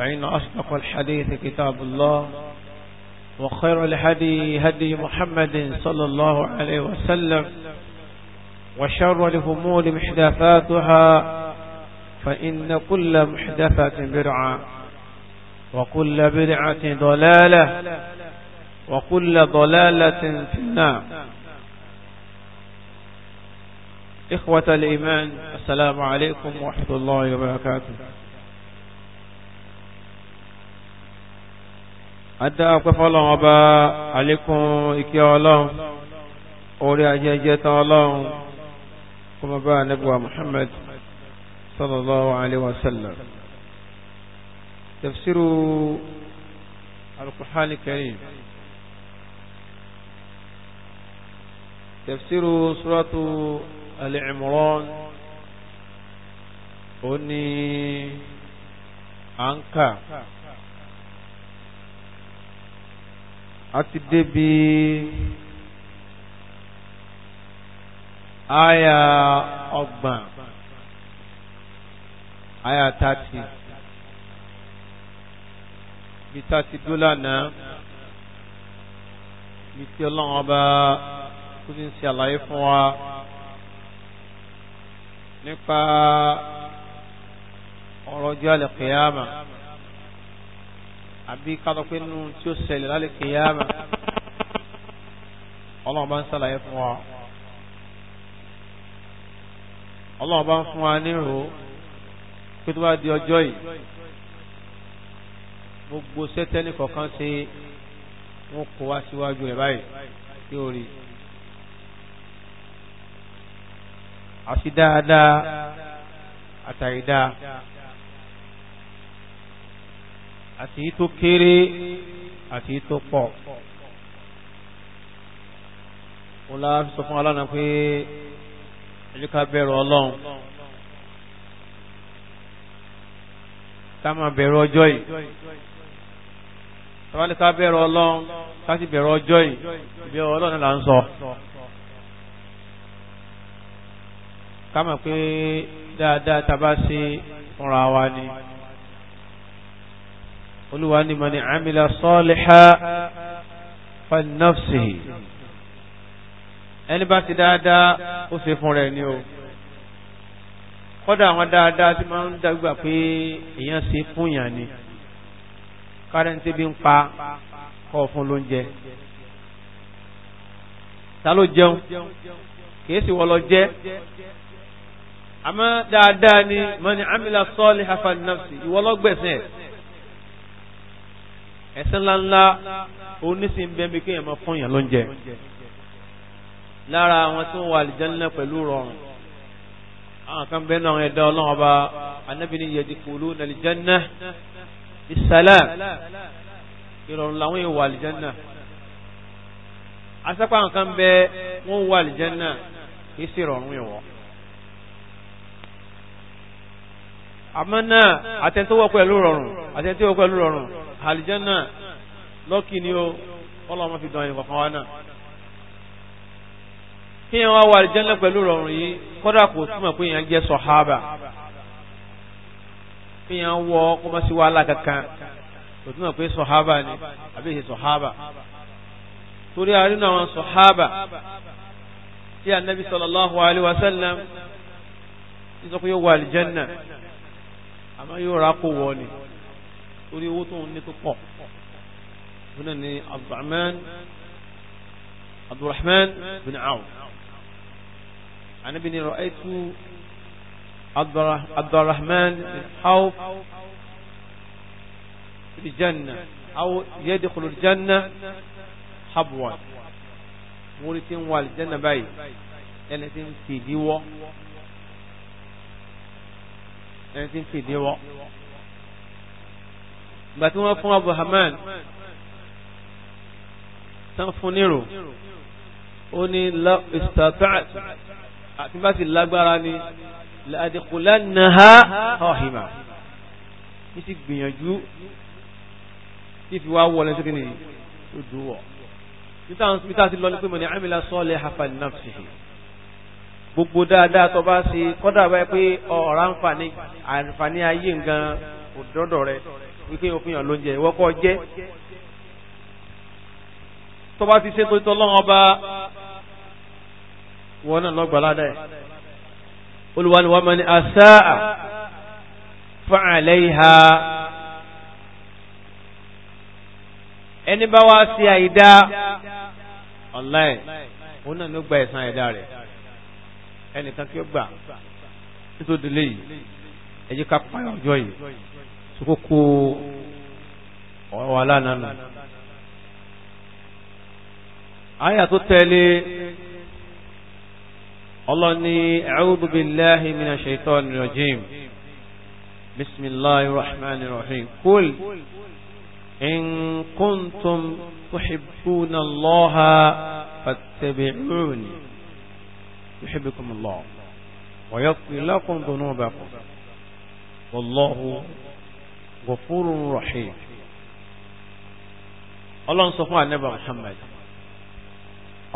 فإن أصدق الحديث كتاب الله وخير الهدي هدي محمد صلى الله عليه وسلم وشر الأمور محدثاتها فإن كل محدثة برعة وكل برعة ضلالة وكل ضلالة في النار إخوة الإيمان السلام عليكم ورحمة الله وبركاته àdá pẹ́fọ́ ọlọ́run ọba àlékún ìkẹ́ ọlọ́run orí ajẹ́jẹ́ tán ọlọ́run kó mọ́ bá nẹ́bùwà Muhammad sallallahu alaihi wasallam tafsiru al-Qur'an suratu al-Imran ó ní a ti débi aya ọgbọ̀n aya tati bí tati dúlà náà bí tí ọlọ́run ọba tó ti ń ṣe àlàyé fún wa nípa ọ̀rọ̀ ọjọ́ àlẹ́kẹ̀yàmà àbí kátó pé nínú tí ó ṣẹlẹ̀ lálẹ́ kìyàmà ọlọ́run bá ń sàlàyé fún wa ọlọ́run bá ń fún wa ní ìrò pé tó bá di ọjọ́ yìí gbogbo sẹ́tẹ́nì kọ̀ọ̀kan ṣe wọ́n kó wá síwájú rẹ̀ báyìí tí ó rí àti dáadáa àtàrídáa àti tó kéré àti tó pọ̀ ó láà fi sọ fún aláàna pé ẹjíká bẹ̀rù ọlọ́run ká máa bẹ̀rù ọjọ́ yìí tàbí ká bẹ̀rù ọlọ́run ká sì bẹ̀rù ọjọ́ yìí ìbẹ̀rù ọlọ́run là ń sọ ká mọ̀ pé dáadáa tá a bá ṣe fúnra wa ni olúwa ní mani amila saliha fannafsihi ẹni bá ti dáadáa ó ṣe fún rẹ̀ ni o kọ́dà àwọn dáadáa tí máa ń dágbà pé èèyàn ṣe fún yàn ni kárẹ́ntì bí ń pa kọ́ fún lóúnjẹ ta ló jẹun kìí sì wọ́n lọ jẹ́ àmọ́ dáadáa ni mani amila saliha fannafsihi ìwọ́lọ́gbẹ̀sẹ̀ ẹ̀sìn ńláńlá oníṣì ń bẹ́mi kí ẹ̀mọ́ fún ìyàn lóúnjẹ lára àwọn tó ń wà àlìjánná pẹ̀lú rọrùn àwọn kan bẹ́ẹ̀ náà ẹ̀dá ọlọ́run ọba anábìíní yẹdi kòló nàlìjánná ìsàlẹ̀ ìrọ̀rùn làwọn èèwà àlìjánná asápá àwọn kan bẹ́ẹ̀ wọ́n wà àlìjánná kì í sì rọrùn ìwọ̀ àmọ́ náà àtẹ̀ntówọ́ pẹ̀lú rọrùn àtẹ̀ntówọ́ pẹ̀lú rọrùn ahal janna lokin yo olo ma fi don yin kokan wa na ki yan wa wal janna pelu rorun yi koda ko sumo pe yan je sahaba ki yan wo ko ma si wala kankan ko sumo pe sahaba ni abi he sahaba turi ari na wa sahaba ti annabi sallallahu alaihi wasallam izo ko yo wal janna ama yo rako woni torí owó tó ń ní tó pọ̀ wọn náà ni abdulrahman abdulrahman bin aw anabi ni ra'aytu abdulrahman bin aw fi janna aw yadkhulu aljanna habwan mo rí tí ń wọ aljanna báyìí ẹni tí ń fìdíwọ́ ẹni tí ń fìdíwọ́. ìgbà tí wọ́n fún Abu Haman tán fún nírò ó ní istata'at àti bá ti lágbára ní la'adkhulannaha rahima ní ti gbìyànjú tí fi wá wọlé sí kìnnì tó dúwọ̀ títà sí lọ ní pé mọ̀ ní amila salihan fa gbogbo dáadáa tó bá ṣe kọ́dà báyìí pé ọ̀rá àǹfààní ayé nǹkan òdọ́dọ̀ rẹ̀ wíkẹ́ òfin hàn lóúnjẹ ìwọ kọ́ jẹ́ tó bá ti ṣe tó tọ́ lọ́wọ́ bá wọn náà lọ́gbà ládà ẹ̀ olùwàlùwà máa ní àṣáà fa'alẹ́ ìhà ẹni bá wá sí àìdá online òun náà kí ó gbà nítorí lè yìí ẹ ká pààyàn ọjọ́ yìí suku wà lánàánù àyà tó tẹ̀lé ọlọ́ni a'udhu billahi minash shaitani rajim bismillahir rahmanir rahim kúl in kuntum tuhibbuna Allah fattabi'uni yuhibbukum allah wa yaghfir lakum dhunubakum wallahu Ghafurur Rahim ọlọ́run sọ fún ànábì Muhammad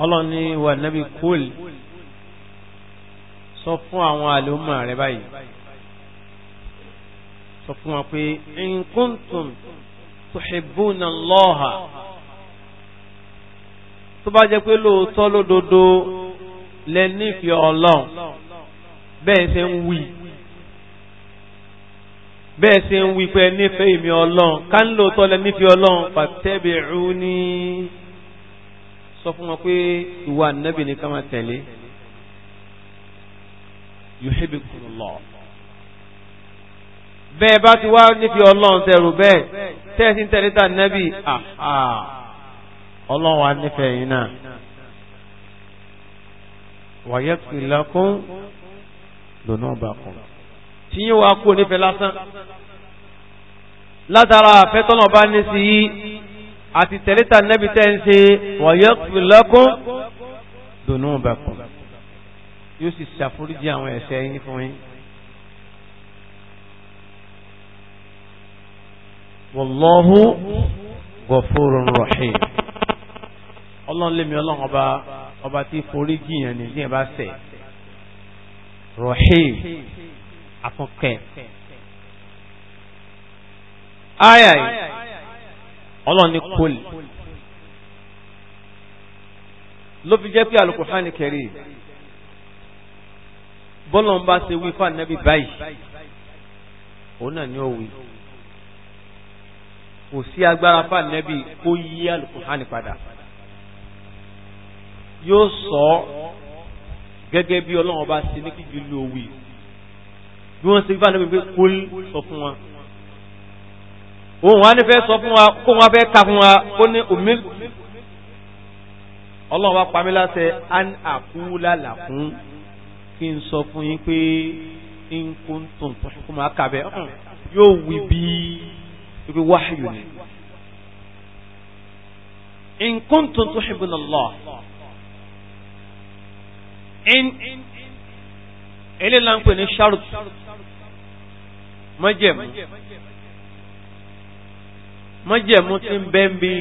ọlọ́run ní wà nábì kúl sọ fún àwọn àlùmọ̀ rẹ̀ báyìí sọ fún wọn pé in kuntum tuhibbuna Allaha tó bá jẹ́ pé lóòótọ́ lódodo lẹ́nífẹ̀ẹ́ ọlọ́run bẹ́ẹ̀ ṣe ń wí bẹ́ẹ̀ ṣe ń wí pé nífẹ̀ẹ́ ìmì ọlọ́run ká ń lò tọ́lẹ̀ nífẹ̀ẹ́ ọlọ́run fattabi'uni sọ fún wọn pé ìwà nẹ́bì ní ká máa tẹ̀lé yuhibbukumullah bẹ́ẹ̀ bá ti wá nífẹ̀ẹ́ ọlọ́run tẹ̀rù bẹ́ẹ̀ tẹ́ẹ̀sí ń tẹ̀lé tà nẹ́bì ọlọ́run wa nífẹ̀ẹ́ yìí náà wa yaghfir lakum dhunubakum tí yíò wá kú onífẹ́ lásán látara àfẹ́tọ́nà bá ní sí yí àti tẹ̀lẹ́ta nẹ́bí tẹ́ ń ṣe wọ̀nyẹ́ lọ́kún dùnú bẹ̀kùn yóò sì ṣàforíjì àwọn ẹ̀ṣẹ̀ yín fún yín wallahu ghafurur rahim ọlọ́run ọlọ́run ọba ọba tí foríjì yẹn ní ní bá ṣẹ̀ rahim àtúnkẹ́ ayà yìí ọlọ́run ní kólì ló fi jẹ́ pé Al-Qur'ani Karim bọ́lọ̀ ń bá ṣe wí fún ànábì báyìí òun náà ni ó wí kò sí agbára fún ànábì kó yí al padà yóò sọ gẹ́gẹ́ bí ọlọ́run bá ṣe ní kíjú ló wí bí wọ́n ṣe bá níbi pé kó sọ fún wa òun wá ní fẹ́ sọ fún wa kó wọn fẹ́ ka fún wa kó ní omi ọlọ́run wa pàmí láṣẹ an àkúlà làkún kí n sọ fún yín pé n kó ń tó nǹkan kó máa kà bẹ́ yóò wí bí ibi wáhìlú ni in kuntum tuhibbuna Allah in eléyìí la ń pè ní sharut májẹ̀mú májẹ̀mú tí ń bẹ́ ń bi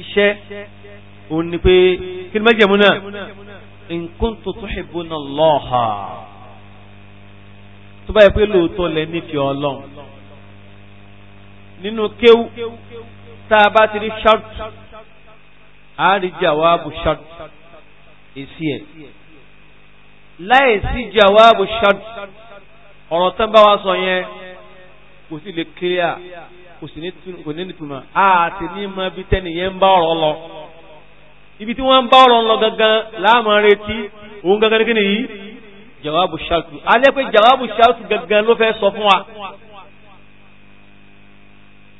iṣẹ́ òun ni pé kí ni májẹ̀mú náà in kuntum tuhibbuna Allah tó báyìí pé lóòótọ́ lẹ nífẹ̀ẹ́ ọlọ́run nínú kéwú tá a bá ti rí ṣáàtù a jàwáàbù ṣáàtù èsì ẹ̀ láì jàwáàbù ṣáàtù ọ̀rọ̀ tán bá wa sọ yẹn kò sí lè clear kò sí ní nítumọ̀ àti ní mọ ibi tẹ́nì yẹn ń bá ọ̀rọ̀ lọ ibi tí wọ́n ń bá ọ̀rọ̀ lọ gangan láàmú retí òun gangan kí nìyí jawabu shatu alẹ́ pé jawabu shatu gangan ló fẹ́ sọ fún wa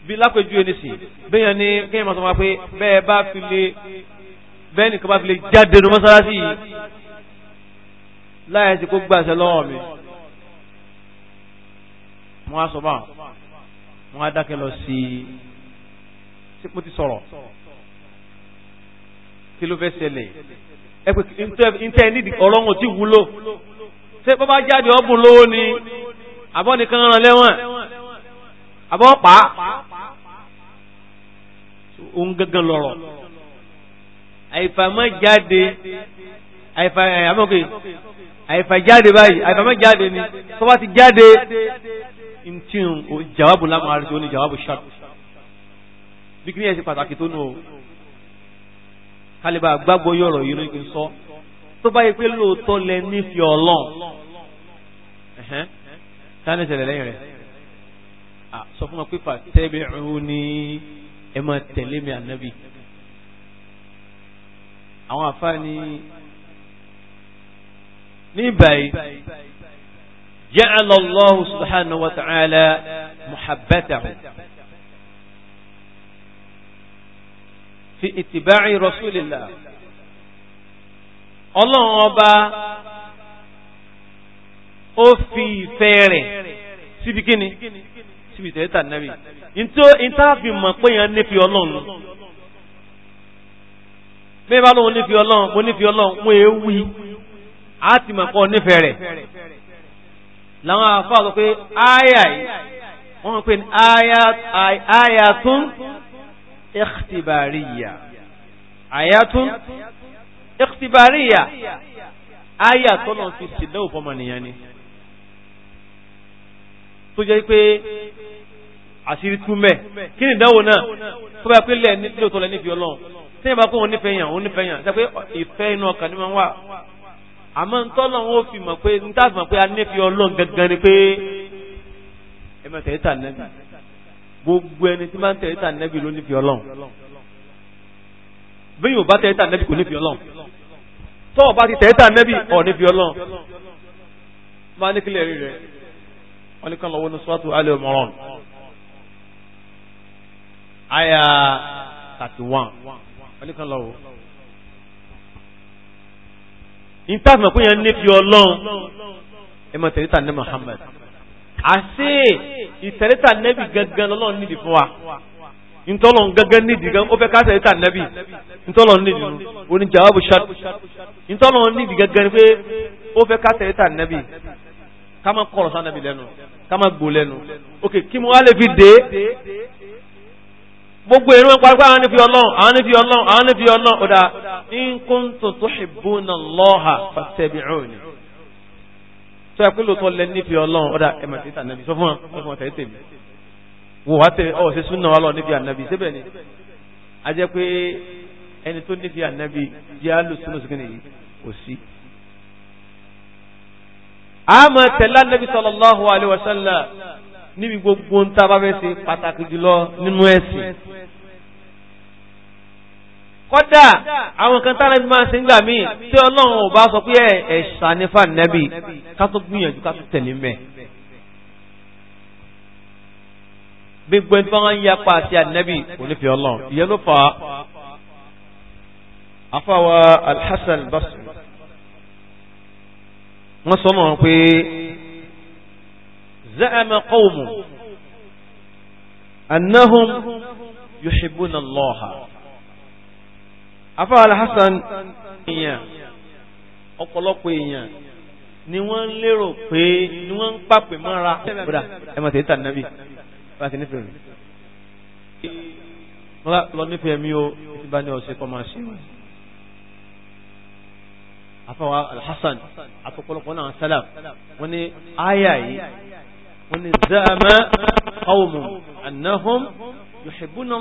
bí lápẹjú ẹni sì bẹ́yàn ni kéèyàn máa sọ wá pé bẹ́ẹ̀ bá fi lè bẹ́ẹ̀ nìkan bá fi lè jáde nu mọ́sálásí yìí láyé sí kó gbàṣẹ lọ́wọ́ mi wọ́n á sọ bá wọ́n á dákẹ́ lọ sí sípò ti sọ̀rọ̀ kí ló fẹ́ ṣẹlẹ̀ ẹ pé ntẹ́ nídìí ọ̀rọ̀ wọn ti wúlò ṣé bọ́ bá jáde ọ̀bùn lówó ni àbọ̀ nìkan ràn lẹ́wọ̀n àbọ̀ pa òun gangan lọ̀rọ̀ àìfàmọ́ jáde àìfàmọ́ jáde báyìí àìfàmọ́ jáde ni tó ti jáde ntí n jawabu lamọ arisi ó ní jawabu sharp bíkí yẹn ṣe pàtàkì tó nù o kálíbà gbàgbọ́ yọ̀rọ̀ yìí ní kí n sọ tó bá yẹ pé lóòótọ́ lẹ nífi ọlọ́n táwọn ẹsẹ̀ lẹ́yìn rẹ̀ sọ fún wa pé pàtẹ́bí ọ̀hún ní ẹ máa tẹ̀lé mi ànábì àwọn àfáà ní ní báyìí ja'ala Allahu subhanahu wa ta'ala muhabbatahu fi ittiba'i rasulillah ọlọ́run ọba ó fi ìfẹ́ rẹ̀ síbi kíni síbi tẹ̀lẹ́tà nẹ́bí ìtàfi mọ̀ pé yẹn nífi ọlọ́run bí bá lóun nífi ọlọ́run mo nífi ọlọ́run mo èé wí á ti mọ̀ pọ̀ nífẹ̀ẹ́ rẹ̀ láwọn àfáà sọ pé àyà yìí wọ́n pè ní àyàtún ìkhtibàríyà àyàtún ìkhtibàríyà àyà tọ́nà fi sílẹ̀ òfọmọnìyàn ni tó jẹ́ pé àṣírí túmẹ̀ kí ni ìdánwò náà tó bá pé lẹ́ẹ̀ ní lóòótọ́ lẹ́ẹ̀ nífi ọlọ́run tí ìbá kó wọn nífẹ̀ẹ́ yàn òun nífẹ̀ẹ́ pé ìfẹ́ inú ọkàn ní máa wà àmọ́ ntọ́lọ̀ wọn ò fi mọ̀ pé níta fi mọ̀ pé anífi ọlọ́run gangan ni pé ẹ máa tẹ̀lé tà nẹ́bì gbogbo ẹni tí máa ń tẹ̀lé tà nẹ́bì ló nífi ọlọ́run bí yóò bá tẹ̀lé tà nẹ́bì kò nífi ọlọ́run tó o bá ti tẹ̀lé tà nẹ́bì ọ̀ nífi ọlọ́run máa ní kílẹ̀ rí rẹ̀ wọ́n ní kàn lọ́wọ́ ní sọ́tù alẹ́ ọmọràn àyà 31 wọ́n ní kàn lọ́wọ́ ìtàkùn pé yẹn fi ọlọ́run ẹ mọ tẹ̀lítà ní Muhammad àṣé ìtẹ̀lítà nẹ́bì gangan lọ́lọ́run nídìí fún wa ntọ́lọ̀ gangan nídìí gan ó fẹ́ ká tẹ̀lítà nẹ́bì ntọ́lọ̀ nídìí oní jawabu shad ntọ́lọ̀ nídìí gangan pé ó fẹ́ ká tẹ̀lítà nẹ́bì ká má kọ̀rọ̀ sá nẹ́bì lẹ́nu ká má gbó lẹ́nu ok kí mo wá lè fi dé gbogbo èrò ń parí pé àwọn nífi ọlọ́run àwọn nífi ọlọ́run àwọn nífi ọlọ́run ó in kuntum tuhibbuna Allaha fattabi'uni. tó yẹ pé lóòótọ́ lẹ nífẹ̀ẹ́ ọlọ́run ọ̀dà ẹ̀ màtí tà nàbí sọ fún wọn sọ fún wọn tẹ̀lé tèmi wò wá tẹ̀lé ọ̀ ṣe súnà wà lọ níbi ànàbí síbẹ̀ ni a jẹ́ pé ẹni tó nífẹ̀ẹ́ ànàbí jẹ́ alùsùnù sí kìnìyí kò sí. a máa tẹ̀lé ànàbí sallallahu alaihi wasallam níbi gbogbo ń tá a bá fẹ́ ṣe pàtàkì jùlọ nínú kọ́dà àwọn kan tára bí máa ṣe ń gbà míì tí ọlọ́run ò bá sọ pé ẹ̀ṣà ní fàánẹ́bì ká tó gbìyànjú ká tó tẹ̀lé mẹ́ gbogbo ẹni tó ń yapa àti ànẹ́bì kò ní fi ọlọ́run ìyẹn ló fà afáwa alhassan basri wọ́n sọ náà pé za'ama qawmun annahum yuhibbuna allaha afáàlá Hassan èèyàn ọ̀pọ̀lọpọ̀ èèyàn ni wọ́n ń lérò pé ni wọ́n ń pàpè mọ́ra kódà ẹ mọ̀ tètè nàbì bá a ti nífẹ̀ẹ́ rẹ̀ lọ nífẹ̀ẹ́ mi o ti bá ní ọ̀sẹ̀ kọ́ máa ṣe wọn. afáwa al náà sálà wọ́n ní àyà yìí wọ́n ní zama qawmun annahum yuhibbuna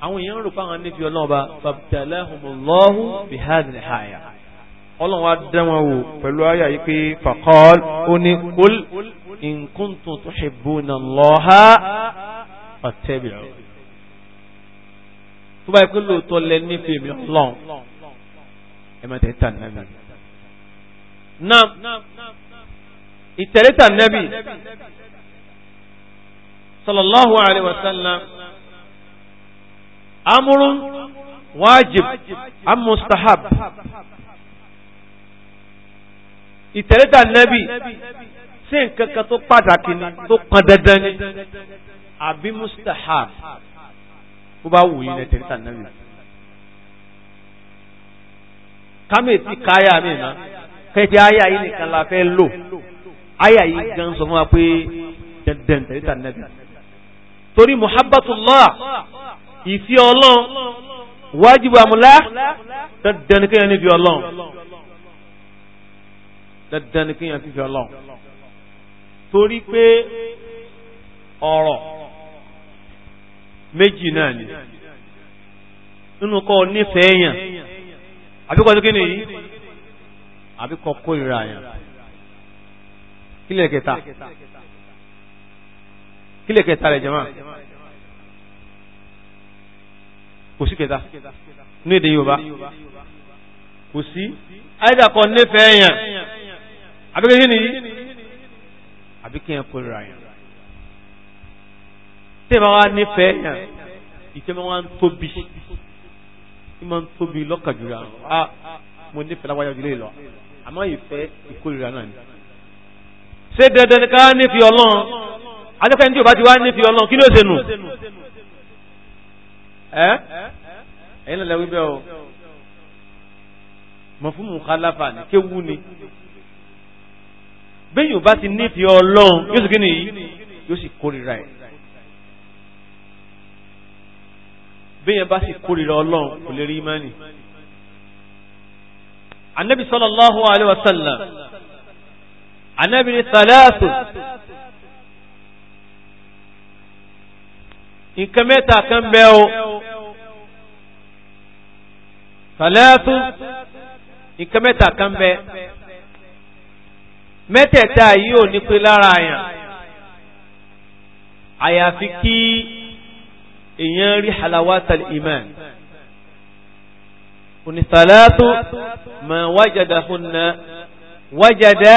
àwọn èèyàn rò fáwọn níbi ọlọ́ọ̀ba fàbtàlẹ́hùnmọ́lọ́hù bí hàzìlẹ̀ àyà ọlọ́run wa dẹ́wọ̀n wò pẹ̀lú àyà yìí pé fàkọ́l ó ní kúl in kuntum tuhibbuna Allaha fattabi'u tó bá yẹ pé lóòótọ́ lẹ nífẹ̀ẹ́ mi ọlọ́run ẹ má tẹ̀ tà nàbì náà ìtẹ̀lẹ́tà nàbì sallallahu alaihi wasallam amúrún wájib amústahab ìtẹ̀lẹ́tà nẹ́bì sí nǹkan kan tó pàtàkì ni tó kan dandan ni àbí mustahab bó bá wù yín ní ẹ̀tẹ̀lẹ́tà nẹ́bì kámẹ́tì káyà mi náà kẹ́tì áyà yìí nìkan la fẹ́ lò áyà yìí gan sọ fún wa dandan tẹ̀lẹ́tà nẹ́bì torí muhabbatullah ìfi ọlọ́run wájú àmúlá dandan ni kéèyàn nífi ọlọ́run dandan ni kéèyàn nífi ọlọ́run torí pé ọ̀rọ̀ méjì náà ni nínú kọ́ nífẹ̀ẹ́ yàn àbíkọ́ tó kí ni yìí àbíkọ́ kórìíra yàn kílẹ̀ kẹta kílẹ̀ kẹta rẹ̀ jẹ́mọ́ kò sí kẹta ní èdè Yorùbá kò sí àìdàkọ nífẹ̀ẹ́ èèyàn àbíkẹ́ kí nìyí àbíkẹ́ yẹn kò rà yẹn tẹ́ẹ̀bá wá nífẹ̀ẹ́ èèyàn ìtẹ́mọ́ wá ń tóbi ìmọ̀ ń tóbi lọ́kàjúra a mo nífẹ̀ẹ́ láwájá ojúlé lọ àmọ́ ìfẹ́ ìkórìíra náà ni. ṣé dandan ká nífi Ọlọ́run adékọ́ni tí ò bá ti wá nífi Ọlọ́run kí ló ṣe nù ẹ́ ẹ̀yìn lẹ́lẹ́ wíbẹ̀ o mọ̀ fún mùkálàfà ní kéwú ni bẹ́yìn ò bá ti nífẹ̀ẹ́ ọlọ́run yóò sì kí ni yìí yóò sì kórìíra ẹ̀ bẹ́yìn bá sì kórìíra ọlọ́run kò lè rí imáni anabi sallallahu alaihi wasallam anabi ni salatu nǹkan mẹ́ta kan bẹ́ o fàlẹ́ẹ̀tù nǹkan mẹ́ta kan bẹ́ mẹ́tẹ̀ẹ̀ta yìí ò ní pé lára àyàn àyàfi kí èèyàn rí halawatal iman onísàlẹ́ẹ̀tù ma wájàdà hùnà wájàdà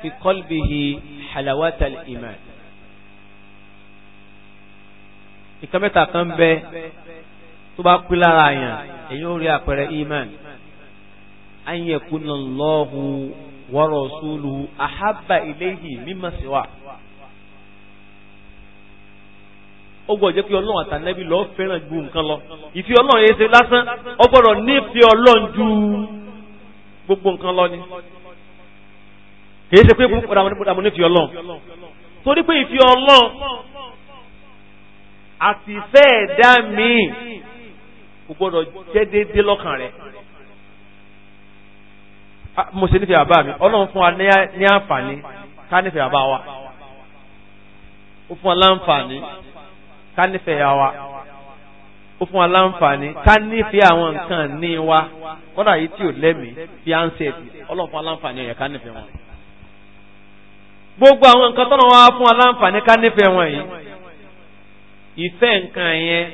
fi qalbihi halawatal iman ìkan mẹ́ta kan bẹ tó bá pín lára àyàn èyí ó rí àpẹẹrẹ iman ayẹ̀kúnà lọ́hùn wa rasuluhu ahabba ilayhi mimma siwa ó gbọ́dọ̀ jẹ́ pé ọlọ́run àtànẹ́bí lọ́ọ́ fẹ́ràn ju nǹkan lọ ìfi ọlọ́run yẹn ṣe lásán ó gbọ́dọ̀ nífẹ̀ẹ́ ọlọ́run ju gbogbo nǹkan lọ ni kìí ṣe pé kúrò àmọ́ nífẹ̀ẹ́ ọlọ́run torí pé ìfi ọlọ́run àti ìfẹ́ ẹ̀dá míì kò gbọ́dọ̀ jẹ́ déédéé lọ́kàn rẹ̀ mo ṣe nífẹ̀ẹ́ bàbá mi ọlọ́run fún wa ní àǹfààní ká nífẹ̀ẹ́ bàbá wa ó fún wa láǹfààní ká nífẹ̀ẹ́ ya wa ó fún wa láǹfààní ká nífẹ̀ẹ́ àwọn nǹkan ní wa kọ́dà yìí tí ò lẹ́mìí fi ánsẹ̀tì ọlọ́run fún wa láǹfààní ẹ̀yẹ ká nífẹ̀ẹ́ wọn. gbogbo àwọn nǹkan tọ́nà wa fún wa láǹfààní ká nífẹ̀ẹ́ wọn yìí ìfẹ́ nǹkan yẹn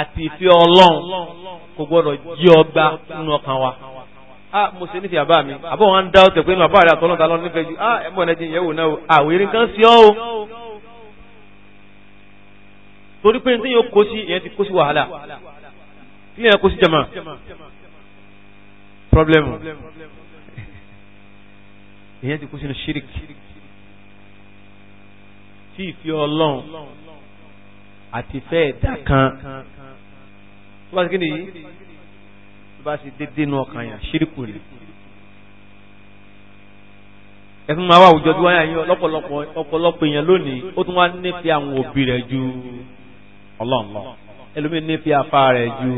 àti ìfẹ́ ọlọ́run kò gbọ́dọ̀ jí ọgbà nínú ọkàn wa ah mo ṣe nífẹ̀ẹ́ àbá mi àbọ̀ wọn ń dá ọ̀tẹ̀ pé nínú àbá rẹ̀ àtọ́lọ́ta lọ́nà nífẹ̀ẹ́ ju ah ẹ̀mọ́ ẹ̀nẹ́jì ìyẹ̀wò náà o àwèrè nǹkan sí ọ́ o torí pé tí yóò kó sí ìyẹn ti kó sí wàhálà kí lè kó sí jama problem ìyẹn ti kó sínú ṣíríkì tí ìfẹ́ ọlọ́run àti fẹ́ ẹ̀dá kan tó bá ti kíni yìí tó bá ti dédé nu ọkàn yàn ṣírìkù ni. ẹ̀sùn máa wà àwùjọ tí wọ́n yà yín lọ́pọ̀lọpọ̀ ọ̀pọ̀lọpọ̀ èèyàn lónìí ó tún wá nífẹ̀ẹ́ àwọn òbí rẹ̀ ju ọlọ́run ẹlòmíì nífẹ̀ẹ́ afá rẹ̀ ju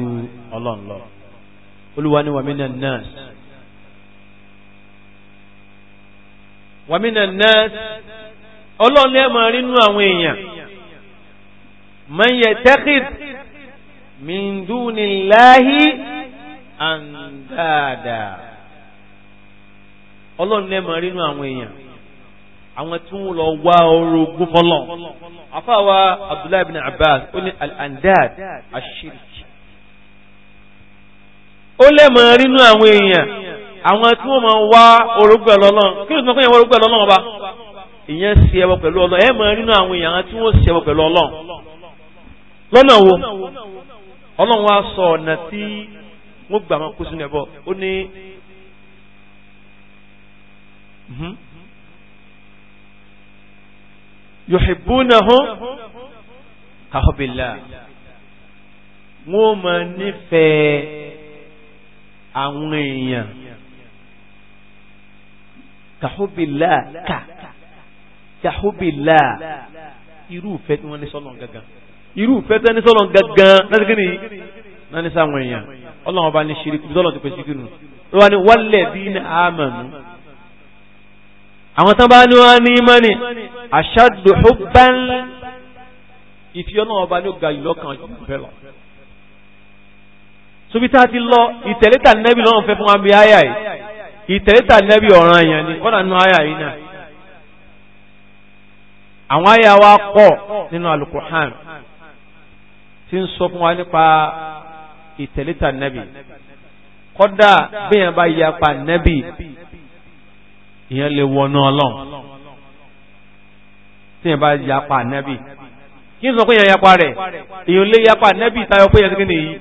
ọlọ́run olúwa ni wàmínà nọ́ọ̀sì. wàmínà nọ́ọ̀sì ọlọ́run máa rí nú àwọn èèyàn. man yattaqid min dunillahi andada ọlọ́run lẹ́mọ̀ rínú àwọn èèyàn àwọn tí wọ́n lọ wá orogún fọ́lọ̀ afáwa abdullahi bin abbas ó ní al-andad ó lẹ́mọ̀ rínú àwọn èèyàn àwọn tí wọ́n máa wá orogún ẹ̀lọ́lọ́run kí ló tún lọ́nà wo ọlọ́run wá sọ ọ̀nà tí wọ́n gbà máa kó sínú ẹbọ ó ní mhm. yuhibbunahum kahubbillah wọ́n máa nífẹ̀ẹ́ àwọn èèyàn kahubbillah ká kahubbillah irú tí wọ́n ní sọ́nà gangan irú fẹ́tẹ́ ní sọ́lọ́n gangan láti kíni náà ní sáwọn èèyàn ọlọ́run ọba ní ṣírí kúbi sọ́lọ́n ti pèsè kínú ló wá ní wálẹ̀ bí ní àmàmù àwọn tán bá ní wọ́n ní mọ́ni ashaddu hubban ìfi ọlọ́run ọba ní ga ìlọ́kàn ìfẹ́ lọ sobi tá a ti lọ ìtẹ̀lẹ́tà nẹ́bí lọ́rùn fẹ́ fún wa bí áyà yìí ìtẹ̀lẹ́tà nẹ́bí ọ̀ràn èèyàn ni kọ́nà àwọn áyà wa pọ̀ nínú alukur'an tí ń sọ fún wa nípa ìtẹ̀lẹ́ta nẹ́bì kọ́dà bẹ́yàn bá yapa nẹ́bì ìyẹn lè wọnú ọlọ́run tí yẹn bá yapa nẹ́bì kí n sọ pé yẹn yapa rẹ̀ èyàn lè yapa nẹ́bì tayọ pé yẹn ti nìyí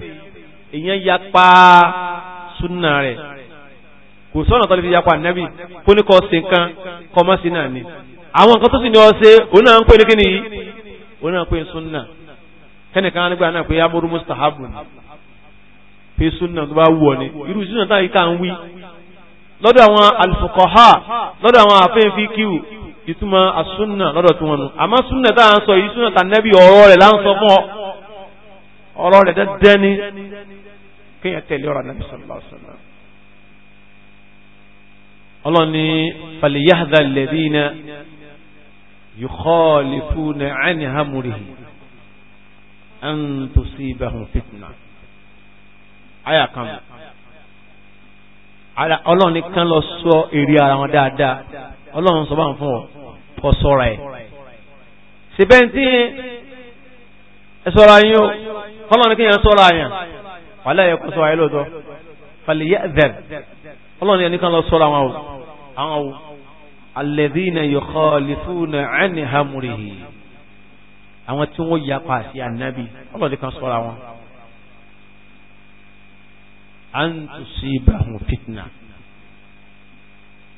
èyàn yapa súnà rẹ̀ kò sọ́nà tó lè fi yapa nẹ́bì kó ní kọ́ sí nǹkan kọ́mọ́sí náà ni àwọn nǹkan tó sì ní ọ ṣe òun náà ń pè ní kí nìyí òun náà ń pè ní súnà kẹ́nìkan nígbà náà pé amúrú mustahabu ni pé súnà tó bá wọ̀ ni irú súnà táyì ká ń wí lọ́dọ̀ àwọn alfuqaha lọ́dọ̀ àwọn àfẹ́yìn fi kíw ìtumọ̀ asúnà lọ́dọ̀ tí wọ́n nu àmọ́ súnà tá à ń sọ yìí súnà tà nẹ́bí ọ̀rọ̀ rẹ̀ là ń sọ fún ọ ọ̀rọ̀ rẹ̀ dẹ́dẹ́ ni kéèyàn tẹ̀lé ọ̀rọ̀ nàbì sallallahu alaihi wasallam ọlọ́ni falyahdhar alladhina an tusibahum fitna àyà kan mọ̀ ọlọ́run ní kán lọ sọ èrè ara wọn dáadáa ọlọ́run sọ bá ń fún ọ kọ sọ́ra ẹ̀ síbẹ̀ tí ẹ sọ́ra yín o ọlọ́run ní kéèyàn sọ́ra yẹn wàlẹ́ ẹ̀ kọ́ sọ́ra yẹn lóòótọ́ fàlẹ́ yẹ zẹ̀ ọlọ́run ní kán lọ sọ́ra wọn o àwọn alladhina yukhalifuna an amrihi àwọn tí wọ́n yapa àti ànábì ọlọ́dẹ kan sọ́ra wọn. à ń tù sí ibrahim fitna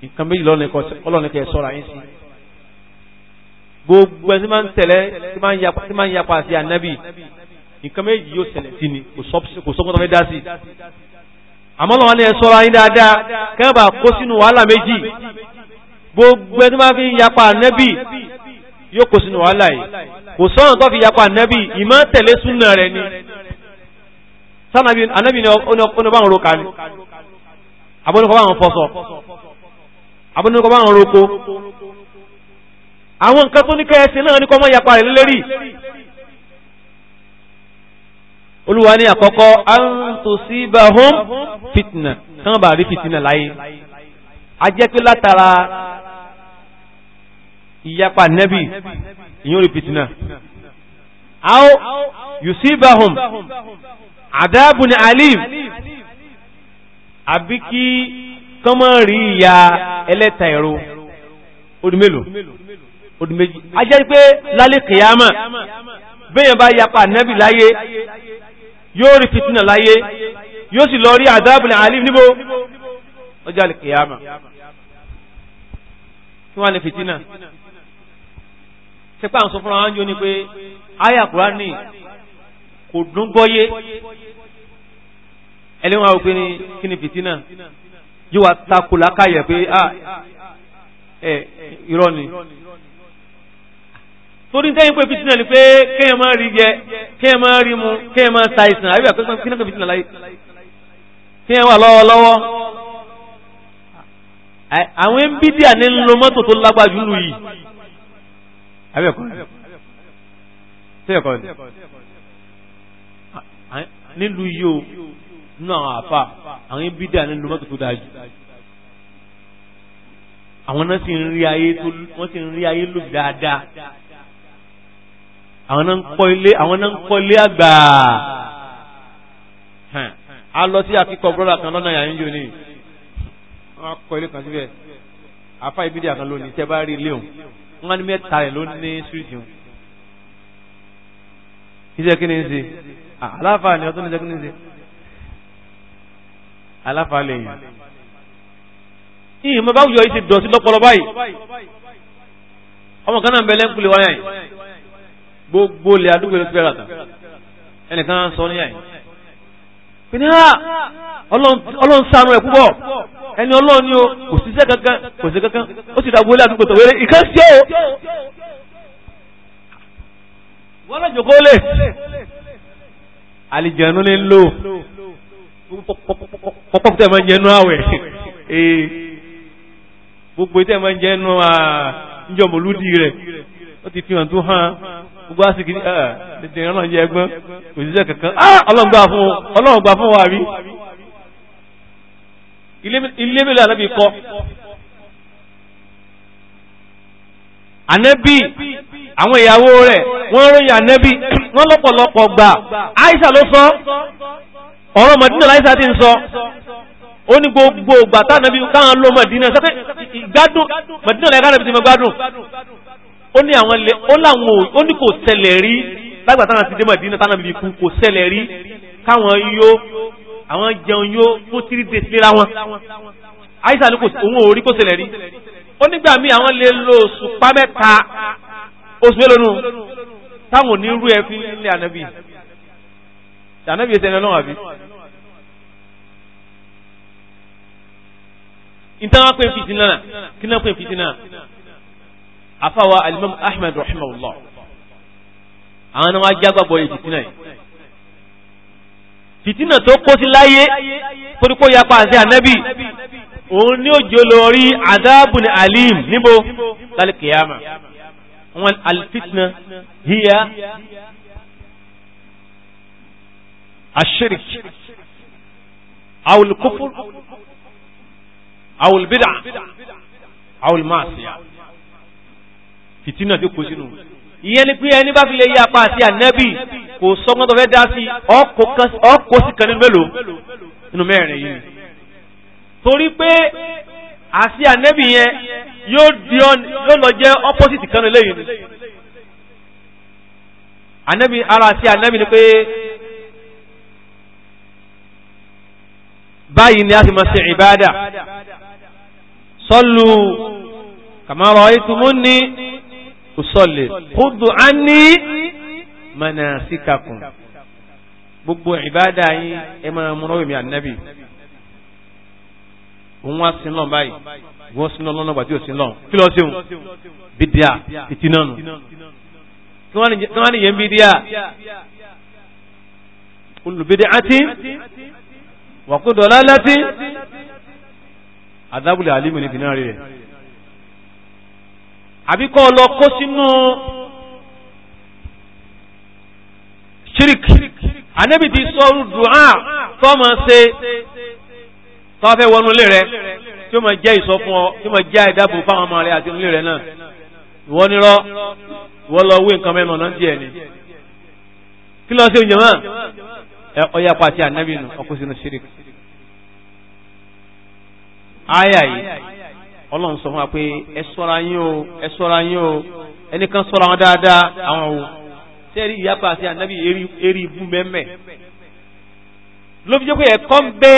nǹkan méjì lọ́nìkẹ́ sọ́ra yín sí. gbogbo ẹni tí máa ń tẹ̀lé tí máa ń yapa àti ànábì nǹkan méjì yóò ṣẹlẹ̀ sí ni kò sọ́kùn tó fẹ́ dá sí. àmọ́ lọ́wọ́ ni ẹ sọ́ra yín dáadáa kẹ́ẹ̀bà kó sínú wàhálà méjì gbogbo ẹni máa fi ń yapa ànábì yóò kó sínú wàhálà yìí kò sọ́run tó fi yapa ànábì ìmọ̀ tẹ̀lé súnà rẹ̀ ni sanabi ànábì ni ọ̀nà bá ń ro kàní abọ́nukọ́ bá ń fọṣọ abọ́nukọ́ bá ń roko àwọn nǹkan tó ní kẹ́ẹ̀sì náà ní kọ́ mọ́ yapa rẹ̀ lélẹ́rì olúwa ní àkọ́kọ́ antusibahum fitna kán bá rí fitna láyé a jẹ́ pé látara ìyapa nẹ́bì ìyún rí pìtìnà áó yusibahum adabun alim àbí kí kọ́mọ́ rí ìyà ẹlẹ́ta ẹ̀rọ ọdún mélòó ọdún méjì a jẹ́ pé lálẹ́ kìyàmà bẹ́yàn bá yapa nẹ́bì láyé yóò rí fìtínà láyé yóò sì lọ rí àdábùn àlìm níbo ọjọ́ alìkìyàmà kí wọ́n lè fìtínà ṣe pé àwọn sọ fúnra wọn jò ní pé àyà kùránì kò dún gbọ́yé ẹlẹ́wọ̀n àwọn òpin kí ni fìtínà yóò wá takò lákàyẹ̀ pé à ẹ irọ́ ni torí tẹ́yìn pé fìtínà ni pé kéèyàn máa rí jẹ kéèyàn máa rí mu kéèyàn máa ta ìsìn àbí àpẹẹrẹ kí náà fìtínà láyé kéèyàn wà lọ́wọ́lọ́wọ́ àwọn ń bídíà ní ń lo mọ́tò tó lágbájú yìí abẹ́ẹ̀kọ́ ni tẹ́ẹ̀kọ́ ni nílùú yìí o nínú àwọn àfà àwọn ibi dà nílùú mọ́tò tó dáa jù àwọn náà sì ń rí ayé tó wọ́n sì ń rí ayé lò dáadáa àwọn náà ń kọ́ ilé àwọn náà ń kọ́ ilé àgbà a lọ sí akíkọ brọ́dà kan lọ́nà yàrá yíyó ni wọ́n kọ́ ilé kan síbẹ̀ àfà ibi dà kan lónìí tẹ́ bá rí ilé òun wọ́n ní mẹ́ta rẹ̀ ló ní suwiti wọn iṣẹ́ kí ni ń ṣe aláfà ni ọtún ní iṣẹ́ kí ni ń ṣe aláfà lè yàn ìyìnbọn báwùjọ yìí ti dọ̀tí lọ́pọ̀lọ́ báyìí ọmọ kan náà ń bẹ lẹ́ńkulè wáyà yìí gbogbo ilẹ̀ àdúgbò ló ti bẹ̀rẹ̀ àtàn ẹnìkan sọ níyà yìí pé ní ọlọ́run sànú ẹ̀ púpọ̀ ẹni ọlọ́run ni o kò síṣẹ́ kankan kò sí kankan ó sì dàgbò ilé àdúgbò tó wéré ìkan sí o wọ́n lè jòkó lè àlìjẹ̀nu ní lò pọ́pọ́ tẹ̀ máa ń jẹnu àwẹ̀ gbogbo tẹ̀ máa ń jẹnu àjọmọ̀lúdì rẹ̀ ó ti fi hàn tó hàn gbogbo àsìkí tètè ìrànlọ́jẹ ẹgbọ́n kò síṣẹ́ kankan ọlọ́run gbà fún wa rí ilé mélòó ànábì kọ́ ànábì àwọn ìyàwó rẹ̀ wọ́n ròyìn ànábì wọ́n lọ́pọ̀lọpọ̀ gbà Aisha ló sọ ọ̀rọ̀ Mọ̀dínà Aisha ti ń sọ ó ní gbogbo ògbà tánàbí káwọn ló Mọ̀dínà sọ́kẹ́ ìgbádùn Mọ̀dínà lẹ́yìn kánàbí ti mọ̀ gbádùn ó ní àwọn ilẹ̀ ó láwọn ó ní kò ṣẹlẹ̀ rí lágbàtánà ti dé tá tánàbí kú kò ṣẹlẹ̀ rí káwọn yóò àwọn jẹun yóò fún three days léra wọn àìsàn ni kò òun ò rí kó ṣẹlẹ̀ rí ó nígbà míì àwọn lè lo òṣùpá mẹ́ta oṣù mélòó nù táwọn ò ní rú ẹ fi nílé ànábì ànábì ẹsẹ̀ ẹni ọlọ́run àbí. ìtàn wọn pè ń fìtì náà kí náà pè ń fìtì náà àfàwà alimami ahmed rahimahullah àwọn náà wá jágbàgbọ́ ìfìtì náà yìí fìtínà tó kó sí láyé torípò yapa àti ànẹ́bì òun ní òjò lọ rí àdábùn alim níbo lálẹ́kìyàmà wọn alfitna hiya ashirik awul kufur awul bid'a awul maasiya fìtínà tó kó sínú ìyẹn ni pé ẹni bá fi lè yí apá àti ànẹ́bì kò sọ́gbọ́n tó fẹ́ dá sí ọkọ̀ sí kan nínú mélòó nínú mẹ́rin yìí torí pé àti ànẹ́bì yẹn yóò lọ jẹ́ opposite kan lẹ́yìn ni ànẹ́bì ara àti ànẹ́bì ni pé báyìí ni a ti máa ṣe ìbáadà sallu kama ra'aytumuni usọ́lẹ̀ kúdù á ní manasikakum gbogbo ìbádà yín ẹ máa mú rọ́wẹ̀mí ànábì òun wá sínú lọ́n báyìí wọ́n sínú lọ́nà gbàtí ò sínú lọ́n kí lọ́ọ́ sẹ́wọ̀n bídíà ìtinà nù kí wọ́n ní yẹn bídíà olùbídíà àti wàkúdọ̀lá láti adábùlẹ̀ àlímù ní fìnnà rẹ̀ àbí kọ́ lọ kó sínú ṣíríkì anẹ́bì ti sọ dùá tọ́mọ ṣe tọ́ fẹ́ wọnú ilé rẹ tí ó ma jẹ́ ìsọ fún ọ tí ó mọ̀ jẹ́ ìdábò fáwọn ọmọ rẹ àti ilé rẹ náà ìwọ nírọ́ ìwọ lọ wí nǹkan mẹ́mọ̀ náà díẹ̀ ni kí lọ sí òyìnbó ọyá pàtí anẹ́bì nù ọkùnrin sínú ṣíríkì. Aya ọlọ́run sọ fún wa pé ẹ ṣọ́ra yín o ẹ ṣọ́ra yín o ẹnìkan ṣọ́ra wọn dáadáa àwọn o tẹ́rí ìyapa àti ànábì eré ibú mẹ́mẹ́ ló fi jẹ́ pé ẹ̀kọ́ ń bẹ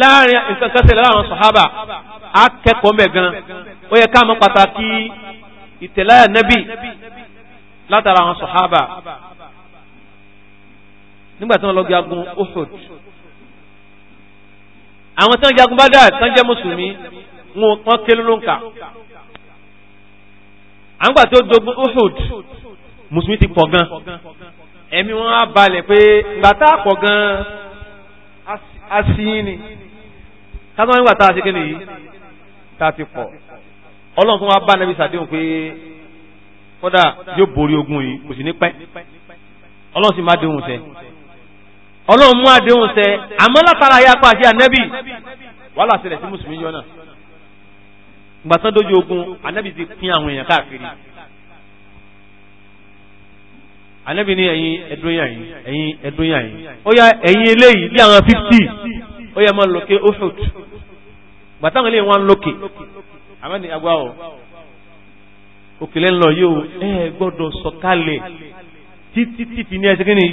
láàrin ìsẹ̀kẹsẹ̀ láàrin sọ̀hábà akẹ́kọ̀ọ́ mẹ́ gan ó yẹ ká mọ̀ pàtàkì ìtẹ̀láyà nẹ́bì látara àwọn sọ̀hábà nígbà tí wọ́n lọ gbé agun Uhud àwọn tán jagun Badar tán jẹ́ mùsùlùmí wọn kéré ló ń kà à ń gbà tó dogun Uhud mùsùlùmí ti pọ̀ gan ẹ̀mí wọn á balẹ̀ pé ìgbà tá a pọ̀ gan a sí ní kátó wọn ń gbà tá a ṣe kéde yìí tá a ti pọ̀ ọlọ́run fún wa bá nàbí sàdéhùn pé kódà yóò borí ogun yìí kò sì ní pẹ́ ọlọ́run sì má déhùn sẹ́yìn ọlọ́run mú àdéhùn ṣẹ àmọ́ látara ya pa àti ànẹ́bì wàhálà sílẹ̀ sí mùsùlùmí yọ náà gbàtán dójú ogun ànẹ́bì ti pín àwọn èèyàn káàkiri ànẹ́bì ní ẹ̀yin ẹ̀dúnyà yìí ẹ̀yin ẹ̀dúnyà yìí ó yá ẹ̀yin eléyìí bí àwọn fífítì ó yá máa lókè ófòt gbàtán eléyìí wọn lókè àmọ́ ní agbá o òkèlè ńlọ yóò ẹ gbọ́dọ̀ sọ̀kalẹ̀ títí títí ní ẹsẹ̀ ni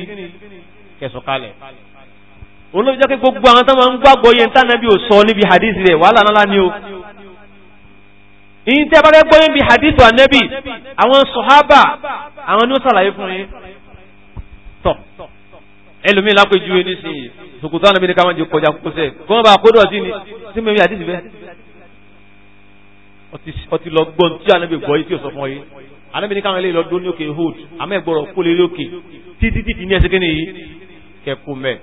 kẹsùkalẹ̀ olóbi jẹ́ kí gbogbo àwọn tó máa ń gbàgbọ́ yẹn tánàbí ò sọ níbi hadith rẹ̀ wàhálà ńlá ni o ìyí tẹ́ bá fẹ́ gbọ́ yẹn bí hadith ànẹ́bì àwọn sọ̀hábà àwọn ni ó sàlàyé fún yín tọ̀ ẹlòmíì lápèjúwe nísìnyí sòkòtò ànàbì ní ká máa jẹ kọjá kókósẹ̀ kọ́ bá kó dọ̀tí ni sí mi hadith bẹ́ẹ̀ ọtí lọ gbọ́n tí ànàbì gbọ́ yìí tí ò sọ fún yín ní òkè hood àmọ́ ẹ̀gbọ́rọ̀ kó lé lókè títí títí ní ẹsẹ̀ kéne yìí kẹ́kú mẹ́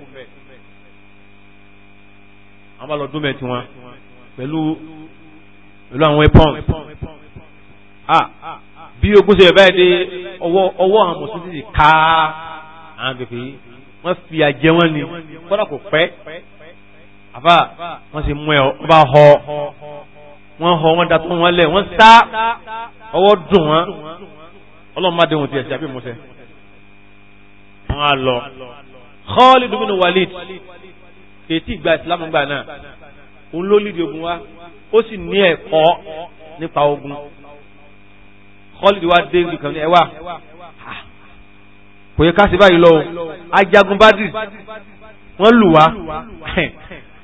àwọn bá lọ dún mẹ́ tiwọn pẹ̀lú pẹ̀lú àwọn ẹ̀pọ́n bí ogún ṣe bẹ́ẹ̀ dé ọwọ́ àwọn mùsùlùmí ti ká àwọn kẹfẹ́ yìí wọ́n fi àjẹ wọn ni kọ́dà kò pẹ́ àbá wọ́n sì mú ẹ̀ ọ bá họ wọ́n họ wọ́n dàtún wọn lẹ̀ wọ́n sá ọwọ́ dùn wọn ọlọ́run má déhùn tiẹ̀ sí àbí mọ́sẹ̀ wọ́n á lọ Khalid bin Walid ètí ìgbà ìsìlámù gbà náà òun ló lídìí ogun wa ó sì ní ẹ̀kọ́ nípa ogun Khalid wa de ìlú kan ní ẹwà kò yẹ ká sí báyìí lọ o ajagun Badr wọ́n lù wá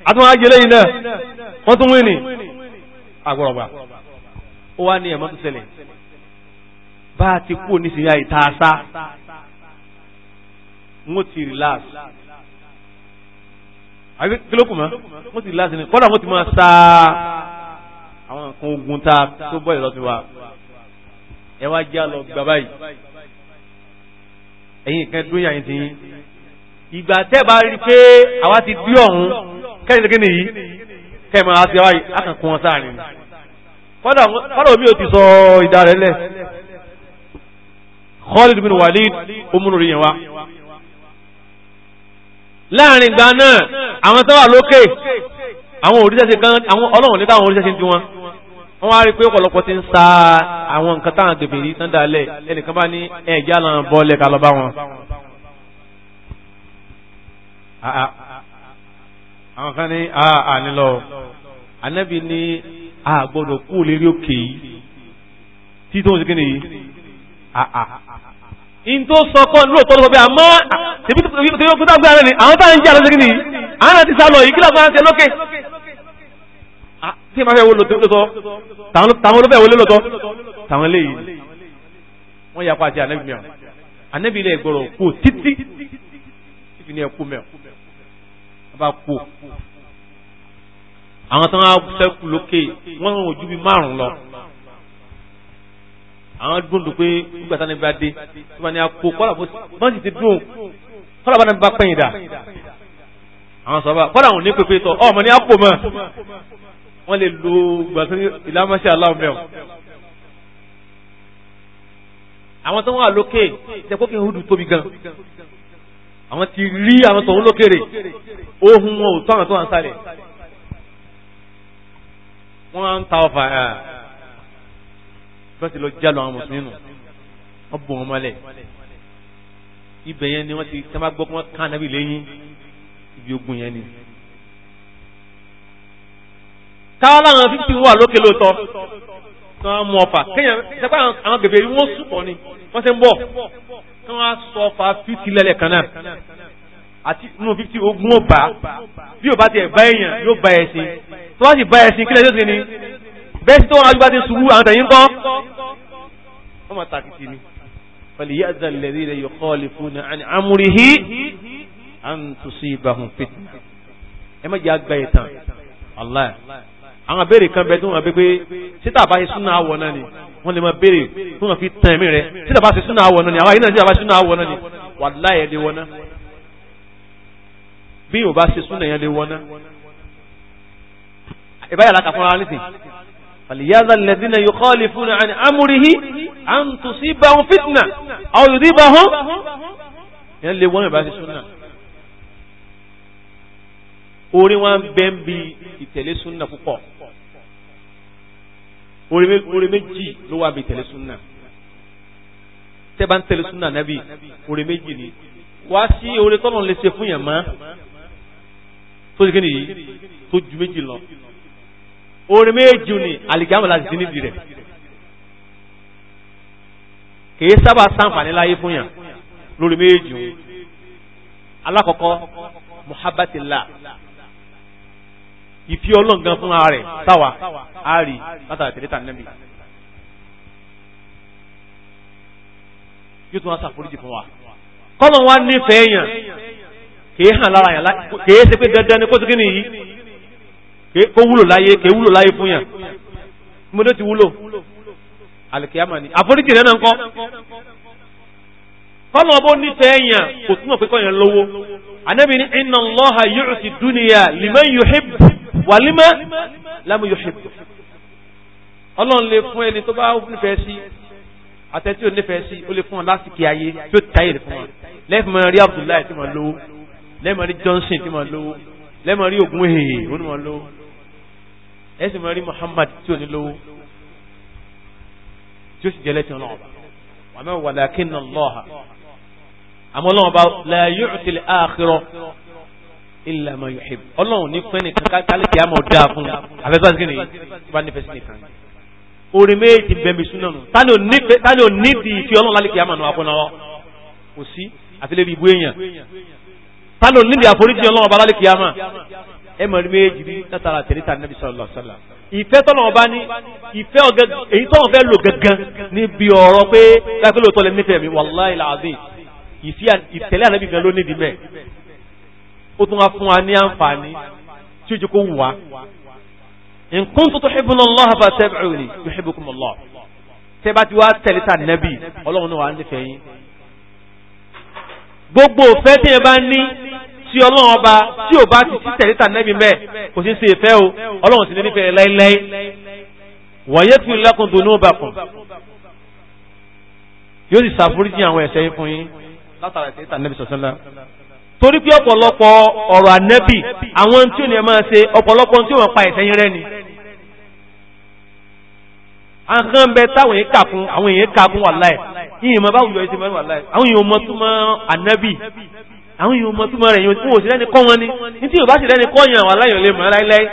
àtúnwá ajẹ́lẹ́ yìí náà wọ́n tún wí ní agbọ̀rọ̀gbà ó wá ní ẹ̀mọ́ tó ṣẹlẹ̀ bá a ti kú ní síyá ìtaasá n ó ti relax àbí kílókù mọ́ n ó ti relax ni kọ́dà n ó ti máa sa àwọn nǹkan ogun tá a tó bọ́ ìlọsìn wa ẹ wá já lọ gbà báyìí ẹ̀yin kan dúnyà yín ti yín ìgbà tẹ́ bá rí pé àwa ti dí ọ̀hún kẹ́yìn kí ni yìí kẹ́yìn máa ti wáyé akànkún wọn sáà nínú kọ́dà omi ò ti sọ ìdá rẹ̀ lẹ̀ Khalid bin Walid omúnú rí yẹn wá láàrin ìgbà náà àwọn tó wà lókè àwọn òrìṣẹ́ṣe kan àwọn ọlọ́run nípa àwọn òrìṣẹ́ṣe tí wọ́n wọ́n wá rí pé ọ̀pọ̀lọpọ̀ ti ń sa àwọn nǹkan táwọn gbèbèrè tán dalẹ̀ ẹnìkan bá ní ẹ̀já lọ bọ́ọ̀lẹ̀ ká lọ bá wọn. àwọn kan ní ànílọ anábì ní àgbọ̀dọ̀ kú lérí òkè yìí tí tó ń ṣe kí ni yìí in tó sọ kọ́ lóòótọ́ ló sọ pé àmọ́ tèbítà gbé ara ni àwọn táwọn ń jà lọ́sẹ̀ kìíní àwọn àti sálọ yìí kílà máa ń tẹ lókè ah, tí màá fẹ́ wo lóòótọ́ táwọn ló fẹ́ wọlé lóòótọ́ táwọn eléyìí wọ́n yà pa àti ànẹ́bí mẹ́ọ̀ ànẹ́bí ilẹ̀ ìgbọ̀rọ̀ kò títí ìfi ni ẹ̀kú mẹ́ọ̀ bá kú àwọn táwọn á sẹ́kù lókè wọ́n rún ojú bíi márùn-ún lọ àwọn dúndùn pé nígbà tani bá dé tí wọ́n ní akó kọ́lá bó wọ́n sì ti dùn kọ́lá bá ní bá pẹ́yìn dà àwọn sọ́ba kọ́lá òun ní pépé tọ́ ọmọ ní akó mọ́ wọ́n lè lo gbàtúrí ìlàmọ́sí aláwọ̀mẹ́ àwọn tó wà lókè jẹ́kókè hudu tóbi gan àwọn ti rí àwọn tọ̀hún lókèrè ohun wọn ò tó àwọn tó wà ń sálẹ̀ wọ́n ń ta ọfà bá ti lọ jálọ àwọn mùsùlùmí nù wọ́n bù wọn mọ́lẹ̀ ibẹ̀ yẹn ni wọ́n ti sábà gbọ́ pé wọ́n ká anábì lẹ́yìn ibi ogun yẹn ni. káwọn láwọn fífi wà lókè lóòótọ́ kí wọ́n mú ọfà kéèyàn sẹ́pẹ́ àwọn bèbè wọ́n sùpọ̀ ni wọ́n ti ń bọ̀ kí wọ́n sọ ọfà fífi lẹ́lẹ̀ kan náà àti inú fífi ogun ó bí ò tiẹ̀ bá èèyàn yóò bá ẹ̀ sí tó bá sì bá ẹ̀ sí kílẹ̀ yóò sì ni bẹ́ẹ̀ sí tó wọn ajúbá ti ṣubú àwọn tẹ̀yìn kọ́ wọ́n máa tàkìtì ni wọ́n lè yí àzà lẹ́rí rẹ̀ yóò kọ́ lè fún ní amúrihí à ń tún sí ìbáhùn fitna ẹ má jẹ́ àgbà ìtàn aláì àwọn abéèrè kan bẹ tó wọn pé síta bá ṣe súnà àwọ̀ náà ni wọ́n lè máa béèrè tó wọn fi tàn ẹ̀mí síta bá ṣe súnà àwọ̀ náà ni àwọn àyínà síta bá ṣe súnà àwọ̀ náà ni wàláì ẹ̀ فليذا الذين يخالفون عن امره ان تصيبهم فتنه او يذيبهم yẹn lè wọ́n ìbá ṣe súnà orí wọn bẹ́ ń bi ìtẹ̀lé súnà púpọ̀ orí méjì ló wà bí ìtẹ̀lé súnà tẹ́ bá ń tẹ̀lé súnà nábì orí méjì ni wá sí orí tọ́lọ̀ lè ṣe fún yàn mọ́ tó ṣe kí nìyí tó ju méjì lọ orin méjì ni àlìkíyàmọ̀ láti sí níbi rẹ̀ kìí sábà sáǹfàní láyé fún yàn lórí méjì alákọ̀ọ́kọ́ muhabbatillah ìfi ọlọ́ngan fún ara rẹ̀ sáwà àárí látàrí tẹ̀lẹ́tà nẹ́bí yóò tún wá sàforíjì fún wa kọ́lọ̀ wá nífẹ̀ẹ́ yàn kìí hàn lára yàn kìí ṣe pé dandan ni kó kó wúlò láyé kó wúlò láyé fún yàn mọ́tò ti wúlò alìkíyàmà ni àforíjì rẹ̀ náà ń kọ́ kọ́nà ọbọ̀ nífẹ̀ẹ́ èèyàn kò túnmọ̀ pé kọ́yàn lówó anábì ní inna Allaha yu'ti dunya liman yuhib wa liman lam yuhib ọlọ́run lè fún ẹni tó bá nífẹ̀ẹ́ sí àtẹ́tí ò nífẹ̀ẹ́ sí ó lè fún ọ lásìkí ayé tí ó táyé rẹ̀ fún ọ lẹ́fún mọ́ rí Abdullahi tí mo lówó lẹ́mọ̀ rí Johnson tí mo lówó lẹ́mọ̀ rí ogun èhè òun ni mo lówó ẹ̀sìn mọ́ rí Muhammad tí ò ní lówó tí ó sì jẹ́ lẹ́tìn ọlọ́run ọba àmọ́ walakin Allah àmọ́ ọlọ́run ọba la yu'ti al-akhirah illa ma yuhib ọlọ́run ní pẹ́ nìkan kálíkì àmọ́ dáa fún àfẹ́sọ́ àti kìnìyàn bá nífẹ̀ẹ́ sí nìkan orin méjì bẹ̀mí súnà nù tálẹ̀ ò nídìí ìfi ọlọ́run lálẹ́ àmọ́ àwọn akọ́nà kò sí àtìlẹ́bí ibú èèyàn àforíjì ọlọ́run ọba lálẹ́ àmọ́ ẹ mọ̀ ní méjì ní látara tẹ̀lítà níbi sallallahu alaihi wasallam ìfẹ́ tọ́nà ọba ní ìfẹ́ èyí tọ́nà fẹ́ lò gangan níbi ọ̀rọ̀ pé lápẹ́ lóòótọ́ lẹ nífẹ̀ẹ́ mi wallahi alazim ìtẹ̀lẹ́ ànábì gan ló nídi mẹ́ ó tún wá fún wa ní àǹfààní tí ó jẹ́ kó wù wá in kuntum tuhibbuna Allah fattabi'uni yuhibbukum wà nífẹ̀ẹ́ yín gbogbo òfẹ́ tí tí ọlọ́run ọba tí ò bá ti tẹ̀lé tà nẹ́bí mẹ́ kò sí ṣe ìfẹ́ o ọlọ́run sì ní nífẹ̀ẹ́ láíláí wọ̀nyé fi lẹ́kùn dùnú ọba kùn yóò sì ṣàforíjì àwọn ẹ̀ṣẹ̀ yìí fún yín látara ìtẹ̀lé tà nẹ́bí sọ̀sọ́lá torí pé ọ̀pọ̀lọpọ̀ ọ̀rọ̀ ànẹ́bì àwọn tí ò ní ẹ máa ṣe ọ̀pọ̀lọpọ̀ tí ò máa pa ẹ̀ṣẹ̀ yín rẹ́ ni àǹkan bẹ táwọn èèyàn kà fún àwọn èèyàn kà fún wàláì yìnyín mọ báwùjọ ìṣẹ́ mẹ́rin wàláì àwọn èèyàn mọ túmọ̀ ànẹ́bì àwọn yi mọ túmọ̀ rẹ̀ yìí wọ́n sí lẹ́ni kọ́ wọn ni ní tí yóò bá sì lẹ́ni kọ́ yàn àwọn aláyàn lè mọ̀ láíláí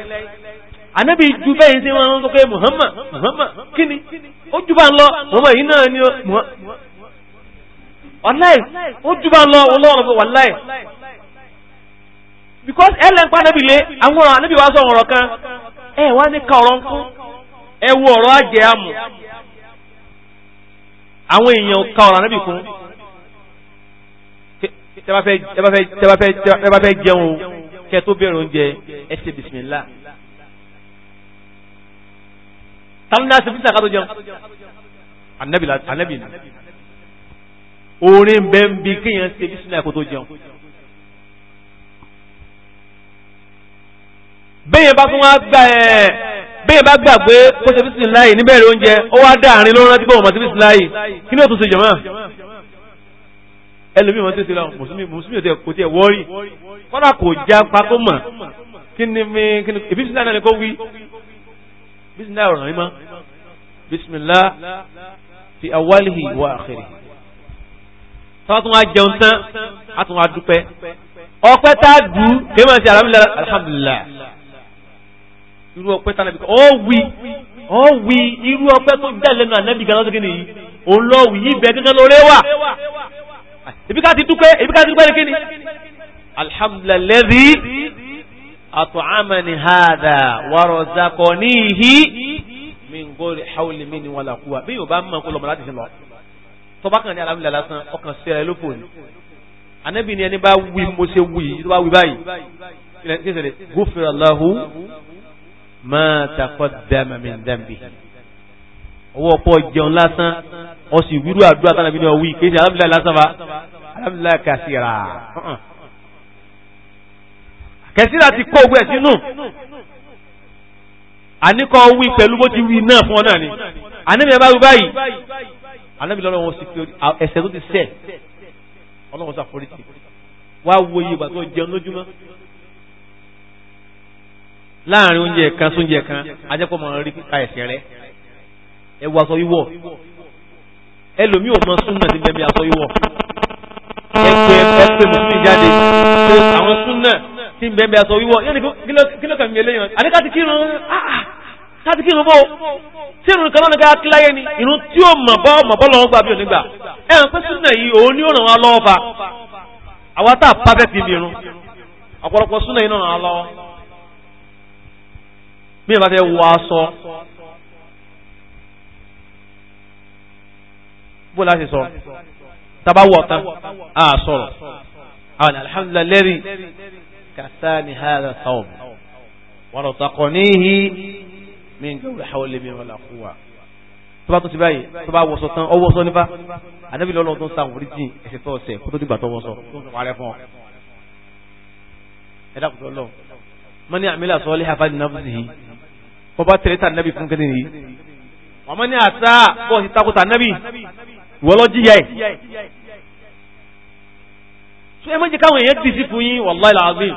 ànábì ju bẹ́yìn Muhammad Muhammad ó jù bá ń lọ Muhammad yìí náà ni wàláì ó jù bá ń lọ olóòrùn fún wàláì because ẹ lé àwọn wa sọ ọ̀rọ̀ kan ẹ wá ní ka ọ̀rọ̀ ń kún ẹ wo ọ̀rọ̀ àwọn ka ọ̀rọ̀ tẹ́bá fẹ́ jẹun kẹ́ tó bẹ̀rẹ̀ oúnjẹ ẹ ṣe bisimilá. tàbí náà sèpítà ká tó jẹun anabi anabi ni orin bẹ́ẹ̀ bí kéèyàn ṣe bisimilá kó tó jẹun. bẹ́yẹn bá tún wá gbà ẹ̀ bẹ́yẹn bá gbà pé kó ṣe bisimilá yìí níbẹ̀rẹ̀ oúnjẹ ó wá dá àárín ló rántí pé òun mọ̀ bisimilá yìí kí ni ó tún ṣe jọ̀mọ́ ẹlòmíì wọn tètè lọ mùsùlùmí mùsùlùmí òtẹ kò tiẹ̀ wọrí kọ́dà kò já pákó mọ̀ kí ni mi kí ni ìbí sinna náà ni kò wí bisimilá ọ̀ràn yìí mọ́ bisimilá fi awalihi wa akhiri tọ́wọ́ tún wá jẹun tán a tún wá dúpẹ́ ọpẹ́ tá a dùn kéwì máa ń ṣe alhamdulilah alhamdulilah irú ọpẹ́ tá ọ wí ọ wí irú ọpẹ́ tó dá lẹ́nu ànábì gan lọ́sọ̀kẹ́ nìyí òun lọ wí ibẹ̀ gẹ́gẹ́ lóore wà ibi ká ti dúpẹ́ ibi ká ti dúpẹ́ kíni alhamdulilayi at'amani hada warazaqanihi min gori hawli min wala quwa bí yóò bá mọ̀ kó lọ́mọ láti fi lọ tọ́ba kan ní alámìlá lásán ọkàn sí ẹ lóko ni anabi ni ẹni bá wí mo ṣe wí tó bá wí báyìí ilẹ̀ kí sẹ̀lẹ̀ gufira lahu ma taqaddama min dambi owó ọ̀pọ̀ jẹun lásán ó sì wíru àdúrà tánà bí náà wí kéde alhamdulillah lásàbà alhamdulillah kàṣírà kẹsíra ti kó ogun ẹ̀ sínú àníkọ́ wí pẹ̀lú bó ti wí náà fún ọ náà ni àníbi ẹ̀ bá wí báyìí àníbi lọ́rọ̀ wọn sì fi ẹsẹ̀ tó ti sẹ̀ ọlọ́run sàforíkì wá wo iye ìgbà tó jẹun lójúmọ́ láàrin oúnjẹ kan sóúnjẹ kan ajẹ́pọ̀ mọ̀ rí kíka ẹ̀sẹ̀ rẹ ẹ wọ aṣọ wíwọ̀ ẹlòmí ò mọ súnà ti bẹ̀mí aṣọ ìwọ̀ ẹ̀pẹ̀ ẹ̀pẹ̀ mùsùlùmí jáde pé àwọn súnà ti bẹ̀mí aṣọ ìwọ̀ yẹ́nì kílọ̀kà mi eléyàn àní káti kírun ah, ah. káti kírun bó tí ìrùn kan lọ́nà káyà kíláyé ni ìrùn tí ó mọ̀ bọ́ mọ̀ bọ́ lọ́wọ́ gbà bí onígbà ẹ̀ ń pẹ́ súnà yìí òun ni ó ràn wá lọ́wọ́ fa àwa tá a pàfẹ́ ti mìíràn ọ̀pọ̀lọpọ̀ súnà yìí náà ràn wá lọ́wọ́ bó láti sọ tabawọ tán a sọ̀rọ̀ àwọn alhamdulillah lẹ́rìí kasani hada sawm wọn ọ̀tàkọ̀ níhi mi ń gbẹ̀wò hawlẹ̀ mi wala quwwa tó bá tó ti báyìí tó bá wọ̀sọ̀ tán ọwọ́ sọ nípa ànábì lọ́lọ́ tó ń sa òwúrí jìn ẹsẹ̀ tó ọ̀sẹ̀ kó tó dìgbà tó wọ́sọ̀ tó ń parẹ́ fún ọ. ẹ dákùtọ̀ lọ mọ ní àmì làsọ lé hafali nàbùsì yìí bọ́ bá tẹ̀lé tà nàbì fún kẹ́lẹ́ yìí wọ́n mọ ní àṣà bọ́ọ̀sì takùtà nàbì wọ́n lọ jíyà ẹ̀ so ẹ má jẹ́ káwọn èèyàn dìsí fún yín wàláì làásìm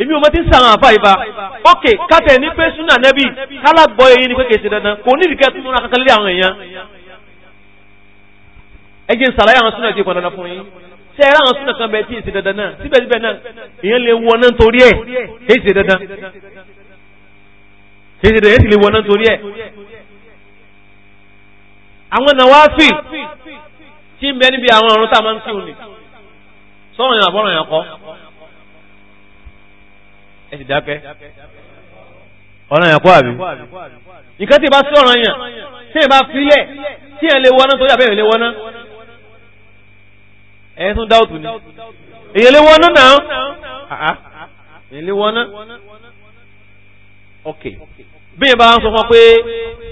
èmi ò mọ tí ń sàrán àfà ìfà ok kátẹ̀ ní pé súnà nẹ́bì kálágbọ́ eyín ni pé kèsì dandan kò ní ìdíkẹ́ tuntun kankan lé àwọn èèyàn ẹ jẹ́ ń sàlàyé àwọn súnà ti pọ̀ dandan fún yín ṣe ẹ̀rọ àwọn súnà kan bẹ̀ tí èsì dandan náà síbẹ̀síbẹ̀ náà èèyàn lè wọ náà torí ẹ̀ èsì dandan èsì dandan èsì lè tí ń bẹ níbi àwọn ọ̀run tá a máa ń kírun ni sọ́run yẹn àbọ̀rọ̀ yẹn kọ́ ẹ sì dákẹ́ ọ̀rọ̀ yẹn kọ́ àbí nǹkan tí ì bá sí ọ̀rọ̀ yẹn tí ì bá filẹ̀ tí ì lè wọná torí àbẹ́yẹ̀ lè wọná ẹ̀ tún dáwùtù ni èyí lè wọná náà èyí lè wọná ok bí ìbá ń sọ fún ọ pé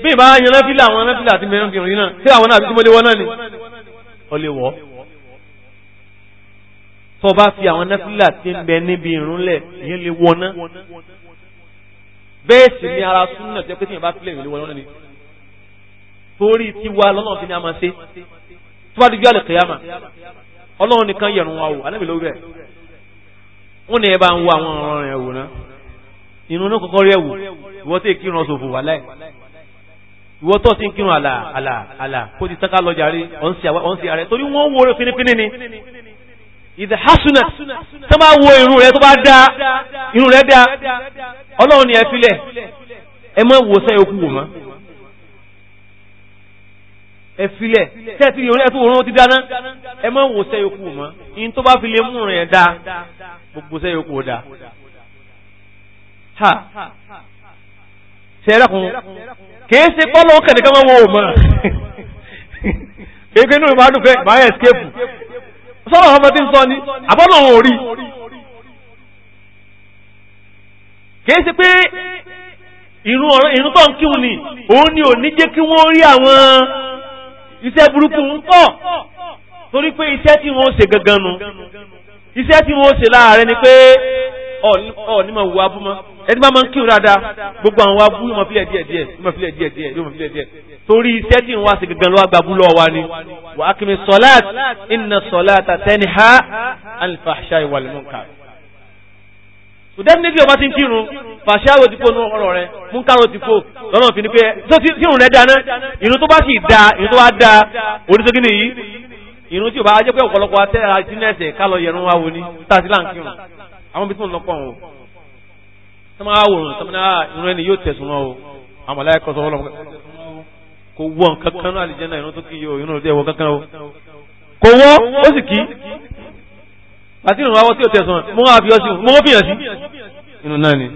bí ìbá yẹn náà fílà àwọn náà fílà àti mẹ́rin kìrìn náà tí àwọn náà àbí tí mo lè wọná ni ó lè wọ́ tó bá fi àwọn náfìlà tí ń bẹ níbi ìrúnlẹ̀ ìyẹn lè wọná bẹ́ẹ̀ ni ara súnà jẹ́ pé tí yẹn bá filẹ̀ ìlú wọn lọ́nà ni torí tiwa lọ́nà fi ni a máa ṣe tó bá dújú àlùkìyàmà ọlọ́run nìkan yẹ̀rùn wa wò alábìlẹ̀ rẹ̀ wọ́n ní ẹ bá ń wo àwọn ọ̀ràn ẹ̀wò náà inú náà kọ́kọ́ rí ẹ̀wò ìwọ́n tí èkìrán wà láì ìwọ tó ti ń kírun àlà àlà àlà kó ti tánká lọ jàre ọ̀nsì ààrẹ torí wọ́n wo finipini ni ìdè hasuna tó bá wo irun rẹ tó bá dá irun rẹ dá ọlọ́run ni ẹ filẹ̀ ẹ mọ ìwòsàn yòókù wò mọ́ ẹ filẹ̀ tẹ́ fi irun rẹ tó òórùn ti dáná ẹ mọ ìwòsàn yòókù wò mọ́ in tó bá fi lè mú rìn dá gbogbo sẹ́ yòókù dá ha ṣe é kìí ṣe pọ́lọ́ kẹ̀lẹ́ kọ́ wọn ò mọ̀ èké inú ìmọ̀ àdùnkẹ́ báyẹ̀ escape sọ́rọ̀ ọmọ tí ń sọ ni àbọ́nà òun ò rí kìí ṣe pé ìrún ọ̀rọ̀ ìrún tó ni òun ni ò ní jẹ́ kí wọ́n rí àwọn iṣẹ́ burúkú ń pọ̀ torí pé iṣẹ́ tí wọ́n ṣe gangan nu iṣẹ́ tí wọ́n ṣe láàárẹ̀ ni pé ọ̀ ní mà wù abúmọ́ ẹni bá máa ń kírun dáadáa gbogbo àwọn wa bú yóò máa filẹ̀ díẹ̀ díẹ̀ yóò máa filẹ̀ díẹ̀ díẹ̀ yóò máa filẹ̀ díẹ̀ torí iṣẹ́ tí ń wá sí gangan lọ́wọ́ agbábú lọ́wọ́ wa ni wà á kìíní sọ́láàt inna sọ́láàtà tẹ́ni ha alifàṣà wal munkar. sùdẹ́ni níbi ọba ti ń kírun fàṣà wo ti kó ọ̀rọ̀ rẹ múnkàrò ti fò lọ́nà fi ni pé tírun rẹ dáná ìrun tó bá sì da ìrun tó bá da oníṣègì nìyí ìrun tí ò bá jẹ́ pé ọ̀pọ̀lọpọ̀ atẹ́ra sínú ẹ̀sẹ̀ ká lọ yẹ̀rún wa wo ni tá a ti láǹkírun àwọn ibi tí mo lọ pọ̀ tó máa wòrán tó máa ah, irun ẹni yóò tẹ̀sùn náà o àmàlà ẹ̀kọ́ sọ fọlọ́mù kò wọ nǹkan kan náà àlìjẹ́nà irun tó kí yóò irun òde kankan o kò wọ́ ó sì kí àti ìrùn awọ tí ò tẹ̀sùn mọ́ àfi ọsì mọ́ fi hàn sí inú náà ni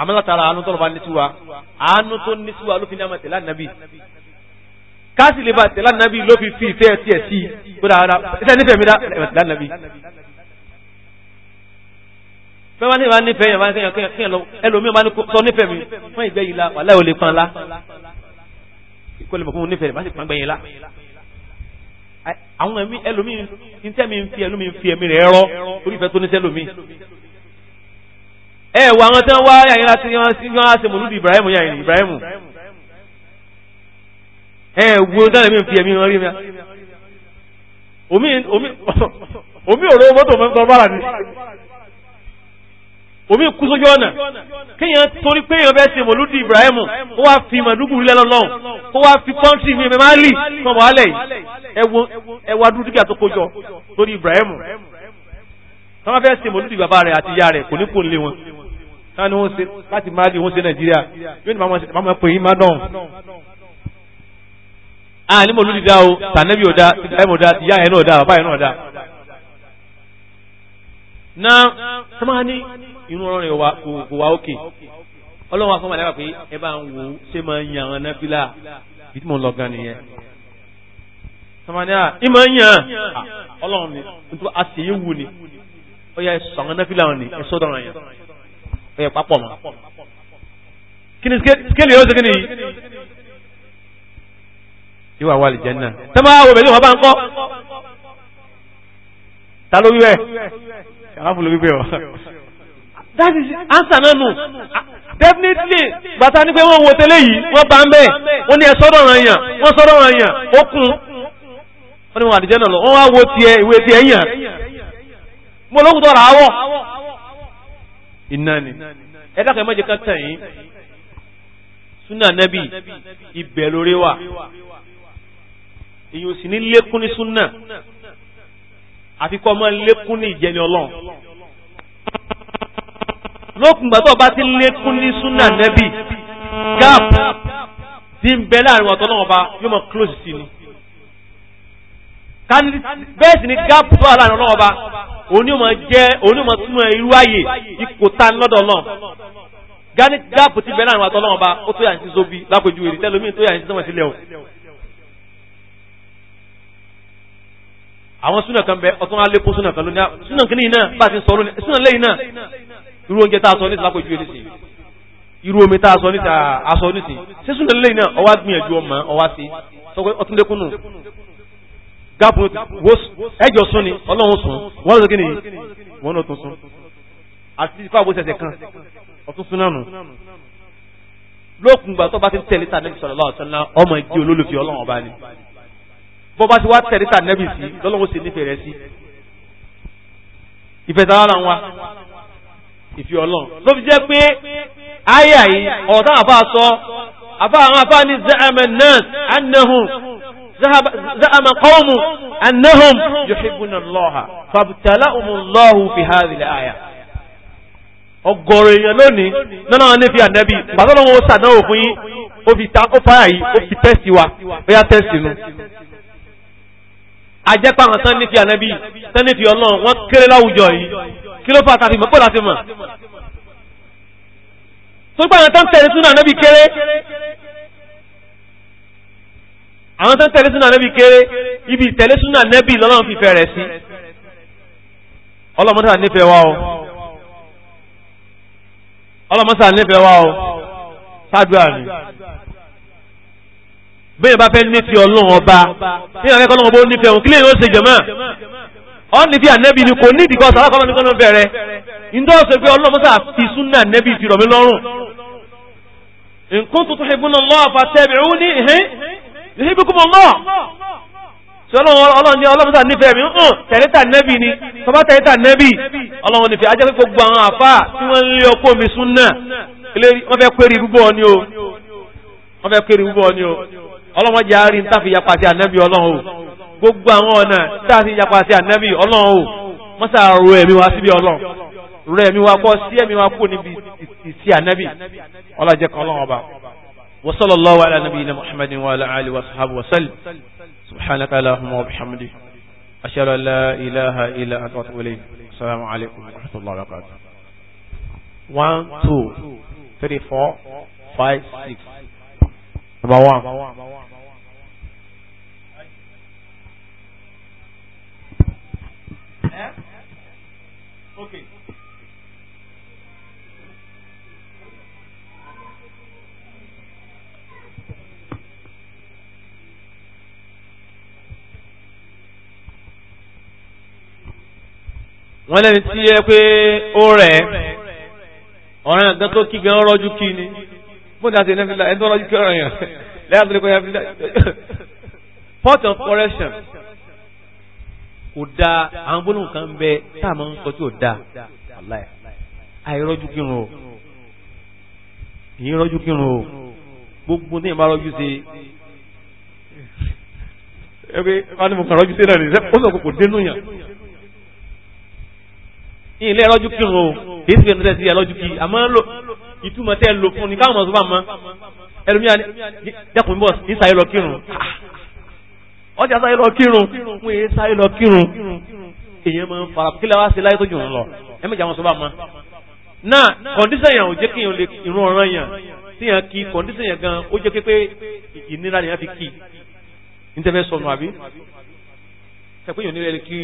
àmàlà tara àánú tọ́lọ́ba nísúwa àánú tó nísúwa ló fi ní àmàtẹ̀ lánàbì káàsì lè ba tẹ̀lá nàbì ló fi fi ìfẹ́ ẹ̀ tiẹ̀ sí i gbọ́dọ̀ ara ìfẹ́ bẹ́ẹ̀ wá ní ìwà nífẹ̀ẹ́ yẹn wá ní kéèyàn lọ ẹlòmíì máa ní kó sọ nífẹ̀ẹ́ mi fún ìgbẹ́ yìí la wàhálà ò lè pan la kó lè mọ̀ fún nífẹ̀ẹ́ bá sì pan gbẹ̀yìn la. àwọn ẹ̀mí ẹlòmíì níṣẹ́ mi ń fi ẹlòmíì ń fi ẹ̀mí rẹ̀ rọ́ orí ìfẹ́ tó níṣẹ́ lòmíì. ẹ wọ àwọn tí wọn wá yàyìnlá tí wọn sì wọn á ṣe mòlúdi Ibrahim yàyìn Ibrahim ẹ wo dáná mi ń fi ẹ̀mí wọn rí mi omi òró mọ́tò mọ́ omi kú sójú ọ̀nà kéèyàn torí pé èèyàn bẹ́ẹ̀ ṣe mọ̀lúdì Ibrahim ó wá fi mọ̀dúgùrú lẹ́lọ́ lọ́hùn ó wá fi kọ́ńtì mi máa lì fún ọmọ alẹ́ yìí ẹwà dúdúkìá tó kójọ lórí Ibrahimu tó wá fẹ́ ṣe mọ̀lúdì bàbá rẹ̀ àti ìyá rẹ̀ kò ní kò nílé wọn táwọn ni wọ́n ṣe láti máa lè wọ́n ṣe Nàìjíríà yóò ní màmá pè yín madam a ní mọ̀lúdì dá o tànẹ́bí ò dá Ibrahimu ò dá ìyá yẹn náà dá bàbá yẹn náà dá inú ọ̀rìn kò wá òkè ọlọ́run afọ́mọ àdáwà pé ẹ bá ń wo ṣé máa ń yan àwọn nábìlà bí tí mo ń lọ gan nìyẹn samaniya ìmọ̀ ń yan ọlọ́run ni nítorí a sì yé wu ni ó yẹ sọ àwọn nábìlà wọn ni ẹ sọ́dọ̀ wọn yẹn ó yẹ papọ̀ mọ́ kí ni skéèlì yóò ṣe kí ni yóò wá wà lè jẹ́ náà tẹ́lẹ̀ wọ́n bẹ̀rẹ̀ wọn bá ń kọ́ ta ló wíwẹ̀ ṣàkàfù ló wíwẹ̀ wọ́n that is answer náà definitely bàtà ní pé wọ́n wo tẹ́lẹ̀ yìí wọ́n bá ń bẹ́ẹ̀ wọ́n ní ẹ sọ́dọ̀ ọ̀ràn yàn wọ́n sọ́dọ̀ ọ̀ràn yàn ó kún wọ́n ní wọn àdìjẹ́ náà lọ wọ́n wá wo tiẹ̀ ìwé tiẹ̀ yàn mo lókun tọrọ àwọ̀ iná ni ẹ dákẹ́ mọ́jẹ kan tàn yín súnà nẹ́bì ibẹ̀ lórí wà èyí ò sì ní lékún ní súnà àfikọ́ mọ́ lékún ní ìjẹni ọlọ́run lókùngbà tó bá ti lékún ní súnà nẹ́bì gap ti ń bẹ láàrin ọ̀tọ́ náà ọba yóò mọ̀ close sí ni bẹ́ẹ̀ sì ni gap tó wà láàrin ọlọ́wọ́ ọba òní ò mọ̀ jẹ́ òní ò mọ̀ túmọ̀ irú ààyè ipò ta lọ́dọ̀ náà gani gap ti bẹ láàrin ọ̀tọ́ náà ọba ó tó yà ní sí zobi lápèjú èrè tẹ́lómi tó yà ní sí sọ́mọ̀ sílẹ̀ o. àwọn súnà kan bẹ ọtún alékún súnà kan lónìí súnà kìíní náà bá ti sọ lónìí súnà lẹ́yìn náà irú oúnjẹ tá a sọ ní ìsìlápò ìjú ẹnìsìn irú omi tá a sọ ní aṣọ nísìn sísun ní lẹ́yìn náà ọwá gbìyànjú ọmọ ọwá sí sọpẹ́ ọtúndékúnnù gáàpù ẹjọ sún ni ọlọ́run sùn wọ́n lọ́sọ kíni wọ́n náà tún sún àti ipá àbó sẹ̀sẹ̀ kan ọtún sún náà nù lókùn gbà tó bá ti ń tẹ̀lé tà nẹ́bí sallallahu alaihi wasallam ọmọ ìdí olólùfẹ́ ọlọ́run ọba ni bó bá ti wá tẹ̀lé tà nẹ́bí sí lọ́lọ́run sì nífẹ̀ẹ́ rẹ̀ sí ìfẹ̀tà ara wa ìfẹ́ ọlọ́run ló fi jẹ́ pé àyà yìí ọ̀tá àfà sọ àfà àwọn àfà ní zahama nas annahum zahama qawmu annahum yuhibbuna allaha fabtalahum allahu fi hadhihi al-aya ọ̀gọ̀rọ̀ èèyàn lónìí nínú àwọn nífi ànẹ́bí pàtàkì wọn sàdánwò fún yín ó fi ta ó fáyà yìí ó fi tẹ́sì wa ó yá tẹ́sì nu ajẹ́pàwọn tán nífi ànẹ́bí tán nífi ọlọ́run wọ́n kéré láwùjọ yìí kí ló fà tàbí mọ́ pọ̀ láti mọ̀ tó gbà àwọn tó ń tẹ̀lé súnà nábì kéré àwọn tó ń tẹ̀lé súnà nábì kéré ibi ìtẹ̀lé súnà nábì lọ́lọ́run fífẹ́ rẹ̀ sí ọlọ́mọdé nífẹ̀ẹ́ wa o ọlọ́mọdé nífẹ̀ẹ́ wa o sádùá ni bẹ́ẹ̀ bá fẹ́ ní ti ọlọ́run ọba bí àwọn akẹ́kọ̀ọ́ ọlọ́run ọba ó nífẹ̀ẹ́ òun kílẹ̀ yóò ṣe jẹ̀mọ́ ọ́nì tí ànẹ́bì ni kò ní ìdíkọ́ sàlákọ́mọ́ mi kọ́nà bẹ̀rẹ̀ fi ànẹ́bì fi ní ìhín ní ọlọ́mọ́sà nífẹ̀ẹ́ mi hàn tẹ̀rẹ́tà nẹ́bì ni ọlọ́run nífẹ̀ẹ́ ajẹ́ pé gbogbo súnà wọ́n fẹ́ péré rúbọ ni o wọ́n fẹ́ péré rúbọ ni o ọlọ́mọdé àárín o gbogbo àwọn ọ̀nà táàtì yapa sí ànábì ọlọ́run o mọ́sà rọ ẹ̀mí wa síbi ọlọ́run rọ ẹ̀mí wa kọ́ sí ẹ̀mí wa kú níbi ìsí ànábì ọlọ́jẹ́ kan ọlọ́run ọba wa sallallahu ala nabiyyina muhammadin wa ala alihi wa sahbihi wa sallam subhanaka allahumma wa bihamdika ashhadu la ilaha illa anta wa atubu ilayk assalamu alaykum wa rahmatullahi wa barakatuh one two three four five six number one wọ́n lẹ́ni tí yẹ pé ó rẹ̀ ọ̀rẹ́ nǹkan tó kí gan rọ́jú kí ni fún ìdájọ́ iná fílà ẹni tó rọ́jú kí ọ̀rọ̀ yàn lẹ́yìn àtúndì kọ́ yà port of correction kò da àwọn ní ilé ẹlọ́jú kírun o èyí sì fẹ́ tẹ́tẹ́ sí ẹlọ́jú kí àmọ́ lò ìtumọ̀ tẹ́ lò fún ni káwọn mọ̀ sọ́fà mọ́ ẹlòmíà dẹ́kun bọ̀ ní sáyé lọ kírun ọjà sáyé lọ kírun fún èyí sáyé lọ kírun èyàn máa ń fara kílẹ̀ wá sí láyé tó jù ń lọ ẹ méjì àwọn sọ́fà mọ́ náà kọ̀ǹdíṣẹ̀ yàn ò jẹ́ kí yàn lè irun ọ̀ràn yàn tí yàn kí kọ̀ǹdíṣẹ̀ yàn gan ó jẹ́ pé ìnira yàn fi kí ní tẹ́fẹ́ sọnù àbí ṣàpéyàn nílẹ̀ kí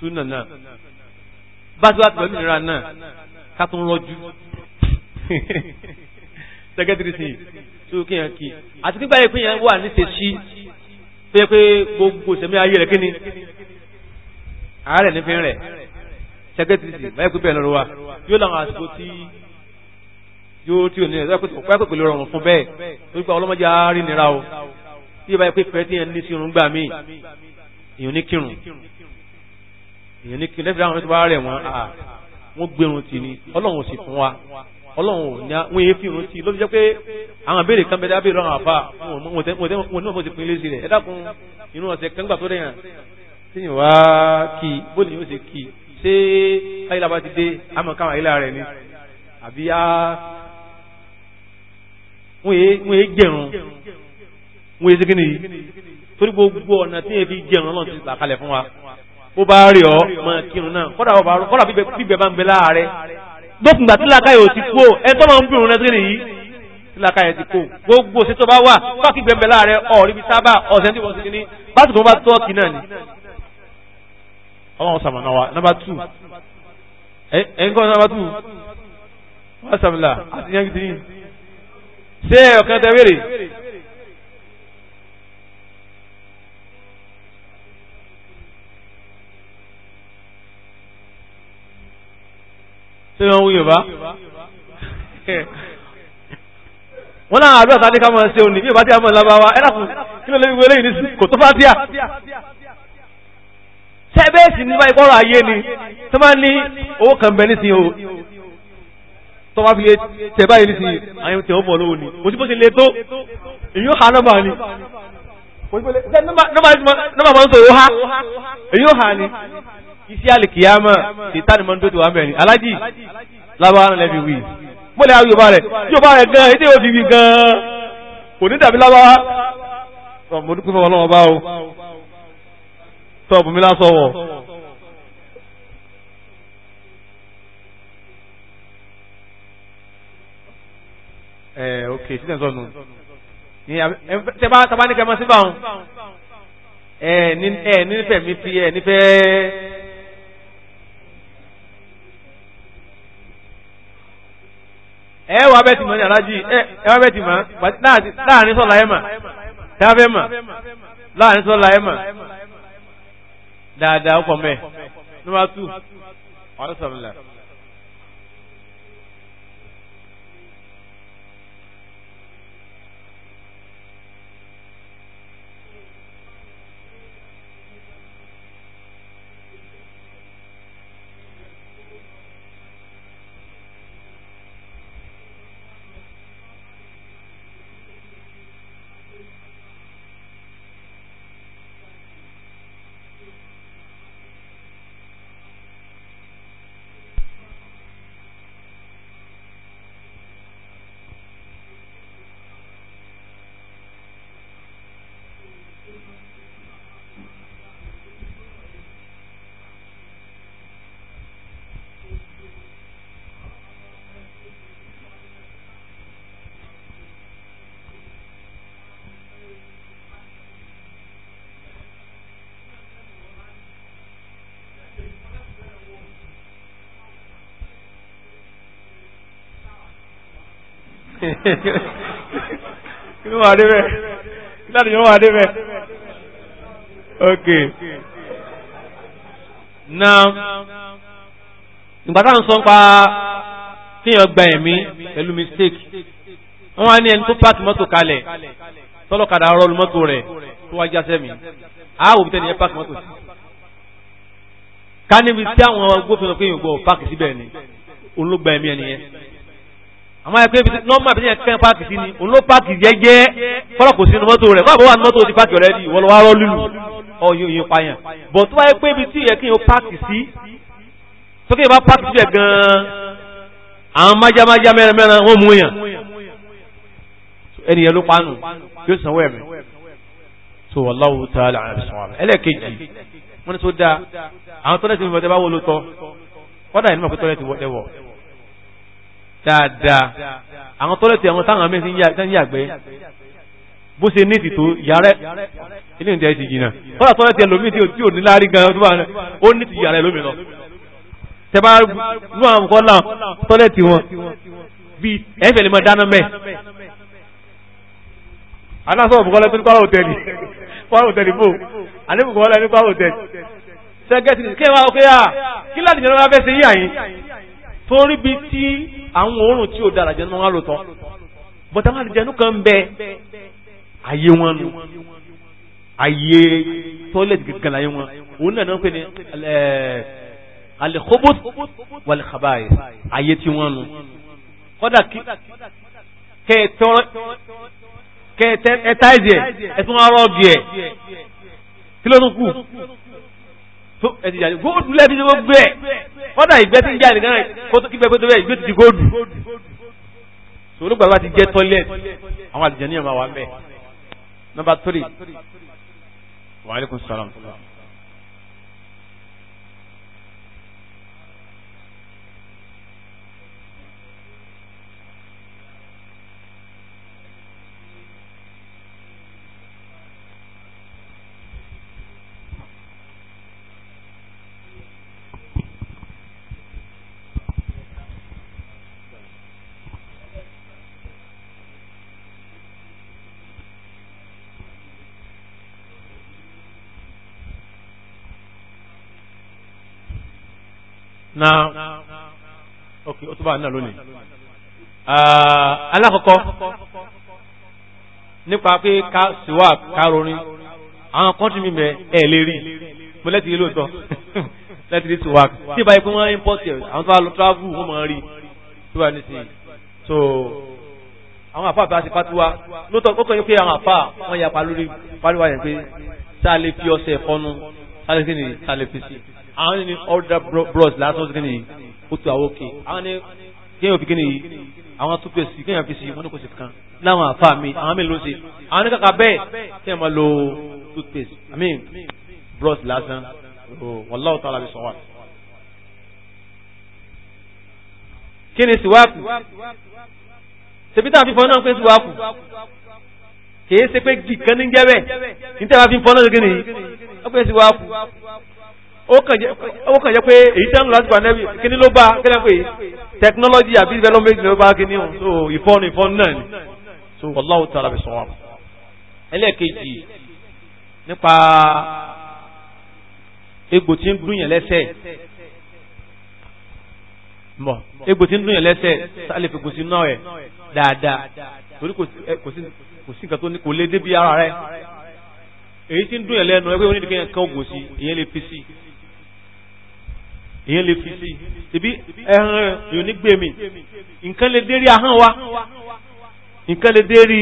súnà náà bá tí wàá pẹ̀lú ìnira náà ká tó ń rọ́jú secretary sí tó kéèyàn kí àti nígbà yẹn kéèyàn wà ní tẹ̀sí tó yẹ pé gbogbo sẹ̀mí ayé rẹ̀ kíni ààrẹ nífẹ̀ẹ́ rẹ̀ secretary sí báyìí pé bẹ́ẹ̀ lọ́rọ̀ wa yóò láwọn àsìkò tí yóò tí ò ní ẹ̀sọ́ pẹ́ pẹ̀lú ọ̀rọ̀ fún bẹ́ẹ̀ torí pé ọlọ́mọdé àárín o tí yóò báyìí pé fẹ́ tí yẹn ní sí irun gbà míì èèyàn ní kírun èèyàn ní kí lẹ́fẹ̀ẹ́ àwọn ẹ̀tọ́ bá rẹ̀ wọ́n à wọ́n gbẹ̀rún ti ni ọlọ́run sì fún wa ọlọ́run ní wọ́n yé fìrún ti ló fi jẹ́ pé àwọn abéèrè kan bẹ̀rẹ̀ abéèrè àwọn àfa wọn ní wọ́n ti pin léṣe rẹ̀ ẹ dákun inú ọ̀sẹ̀ kan gbà tó rẹ̀ hàn tí yìí wá kí bó ni yóò ṣe kí ṣé ayélujára bá ti dé àmọ́ káwọn ayélujára rẹ̀ ni àbí á wọ́n yé jẹ̀rún wọ́n yé ṣe kí ni torí gbogbo ọ̀nà tí yẹn fi jẹ̀rún ọlọ́run ti là kalẹ̀ fún wa ó bá rí ọ mọ kírun náà kọ́dà bíbẹ̀ bá ń bẹ láàárẹ̀ lókùngbà tí làákàyè ò ti kó ẹ tó máa ń bìrùn lẹ́sìn nìyí tí làákàyè ti kó gbogbo ṣe tó bá wà fáàkì bẹ̀ ń bẹ láàárẹ̀ ọ̀rí bí sábà ọ̀sẹ̀ tí wọ́n ti ní báṣù tó bá tọ́ọ̀kì náà ni. ọlọ́run sàmọ̀nà wa nọ́mbà tù ẹ̀yìn kọ́ nọ́mbà tù wọ́n sàmìlà àti yẹn kìtìyìn ṣé ọ̀kan tẹ wéèrè tí wọ́n ń wú yorùbá wọ́n náà àdúrà tàbí ká máa ṣe òní bí ìbá tí a mọ̀ lábáwá ẹ́làkùn kí ló lè wíwé lẹ́yìn nísìn kò tó bá tíà tẹ́bẹ́ẹ̀sì nípa ìkọ́rọ̀ ayé ni tó máa ní owó kan bẹ nísìn o tó bá fi lè tẹ̀ báyìí nísìn àyẹ̀wò tẹ̀ ó bọ̀ lóhùn ni kò sí bó ṣe lè tó èyí ó ha nọ́mbà ni nọ́mbà máa ń sọ èyí ó ha èyí ó ha ni iṣẹ́ alìkìyàmọ̀ sètánì mọ́ ń dòdò wà mẹ́rin alájì lábára lẹ́bi wí mọ́lẹ̀ àwọn yorùbá rẹ̀ yorùbá rẹ̀ gan ètò òfin wí gan kò ní dàbí lábára ọmọ dúkú fún ọlọ́wọ́ bá o tọ́ọ̀bù mi lásọ̀wọ̀ ẹ̀ ok sílẹ̀ sọ̀nù tẹ́bá ní kẹ́mọ́ síbà ẹ̀ nífẹ̀ẹ́ mi ti ẹ̀ nífẹ̀ẹ́ ẹ wà bẹ́ẹ̀ tì mọ́ ní aláàjì ẹ wà bẹ́ẹ̀ tì mọ́ láàrin sọ́la ẹ̀ mà dábẹ́ mà láàrin sọ́la ẹ̀ mà dáadáa ọkọ̀ mẹ́ nọ́mbà tù ọ̀rẹ́sọ̀mìlà. inú wa dé bẹ́ẹ̀ láti inú wa dé bẹ́ẹ̀ ok now ìgbà táwọn sọ ń pa kíyàn gba ẹ̀mí pẹ̀lú mistake wọ́n wá ní ẹni tó pàtì mọ́tò kalẹ̀ tọ́lọ́kadà rọlù mọ́tò rẹ̀ tó wá jásẹ́ mi àáwò bí tẹ́lẹ̀ pàtì mọ́tò sí ká níbi tí àwọn agbófinró pé yòógbọ́ pàkì síbẹ̀ ni olóògbà ẹ̀mí ẹnìyẹn àwọn ẹgbẹ́ ibi nọ́mbà bí yẹn kẹ́ páàkì sí ni òun ló páàkì jẹ́jẹ́ fọ́lọ̀ kò sí inú mọ́tò rẹ̀ fọ́lọ̀ wà ní mọ́tò ti páàkì ọ̀rẹ́ di ìwọ́lọ́wọ́ arọ́ lùlù ọ̀yọ̀ ìyẹn payàn bọ̀ tó wáyé pé ibi tí yẹ kí n páàkì sí tókè bá páàkì sí ẹ̀ gan-an àwọn májámájá mẹ́rin mẹ́rin wọ́n mú yàn ẹnìyẹn ló panu yóò sanwó ẹ̀mí so wallahu ta'ala àbísọ̀wàmù ẹlẹ́ẹ̀kejì wọ́n ní tó dáa àwọn tọ́lẹ̀ tí mo fẹ́ tẹ́ bá wọ́n ló tọ́ kọ́dà ìnú mọ̀ pé tọ́lẹ̀ ti wọ́ dáadáa àwọn tọ́lẹ̀tì àwọn táwọn mẹ́sí ń yàgbẹ́ bó ṣe ní ìtìtò yàrá ilé ìjẹ́ ti jìnà tọ́lá tọ́lẹ̀tì ẹlòmí tí ò ní láàrí gan tó bá ó ní ti yàrá ẹlòmí lọ tẹbá rú àwọn nǹkan náà tọ́lẹ̀tì wọn bí ẹ̀fẹ̀ lè mọ dáná mẹ́ aláṣọ òbúkọ́lẹ́ tó ní kwara hòtẹ́ẹ̀lì kwara hòtẹ́ẹ̀lì bò àdébùkọ́lẹ́ ní kwara hòtẹ́ẹ̀lì sẹ́gẹ́tì kí wá ókè yá kí láti torí bí tí àwọn òórùn tí ò dára jẹnu wọn lò tán bọ́tà wọn àlùjẹnu kan bẹ ayé wọn nù ayé toilet. gẹ̀gẹ̀ láyé wọn òun náà náà pè ní eh, alẹ́kọ́bọ́t wàlẹ́kàbáyé ayé tí wọ́n nù kọ́dà kí kẹ́ẹ̀tẹ́ ẹ̀táìzì ẹ̀ ẹ̀tún arọ́ọ̀gì ẹ̀ kí ló tún kù tó ẹ̀tìjà góòdù lẹ́bi tó gbé ẹ̀ kọ́dà ìgbẹ́ tí ń jáde náà kígbẹ́ pé tó bẹ́ẹ̀ ìgbẹ́ ti di góòdù sòrò gbàgbà ti jẹ́ toilet àwọn àlùjànnú máa wà mẹ́ nọmba three wa alaikum salaam. na ok ó tó bá náà lónìí ah, alákọ̀ọ́kọ́ nípa pé ká síwá károrin àwọn kọ́ntì mi mẹ́ ẹ̀ lè rí mo lẹ́tì ilé òtọ́ lẹ́tì ilé síwá tí ìbáyé pé wọ́n import ẹ̀ àwọn tó bá lọ travel wọ́n máa rí tó bá ní sí so àwọn àfáà bá ti fatuwa lóòótọ́ ó kàn yín pé àwọn àfáà wọ́n yapa lórí pariwo àyẹ̀ pé sáà lè fi ọṣẹ fọnu sáà lè fi sí àwọn ní ọ̀dà bros lásán sí kíni ó tu àwọn òkè àwọn ní kéèyàn fi kíni yìí àwọn tó pè sí kéèyàn fi sí wọn ní kò sí kan láwọn àfa mi àwọn mi ló ṣe àwọn ní kàkà bẹ́ẹ̀ kéèyàn máa lo toothpaste i mean bros lásán wallahu ta'ala bí sọ̀wọ́. kí ni síwáàkù ṣebí tá a fi fọ́ náà pé síwáàkù kì í ṣe pé gìkan ní jẹ́bẹ̀ ní tẹ́wàá fi fọ́ náà lókè nìyí ó pé síwáàkù ó kàn jẹ́ pé èyí tẹ́ ń lọ lásìkò ànẹ́bí kí ni ló bá kílẹ̀ pé technology àbí development ló bá kí ni òun so ìfọ́nù ìfọ́nù náà ni so wallahu ta'ala fi sọ wọn. ẹlẹ́ẹ̀kejì nípa egbò tí ń dún yẹn lẹ́sẹ̀ mọ̀ egbò tí ń dún yẹn lẹ́sẹ̀ sálẹ̀ fi gòsì náà ẹ̀ dáadáa torí kò sí nǹkan tó ní kò lé débi ara rẹ̀ èyí tí ń dún yẹn lẹ́nu ẹgbẹ́ onídìí kan gòsì ìyẹn lè fi sí i èyàn lè fi sí ibi ẹran yóò ní gbé mi nǹkan lè dérí ahọ́n wa nǹkan lè dérí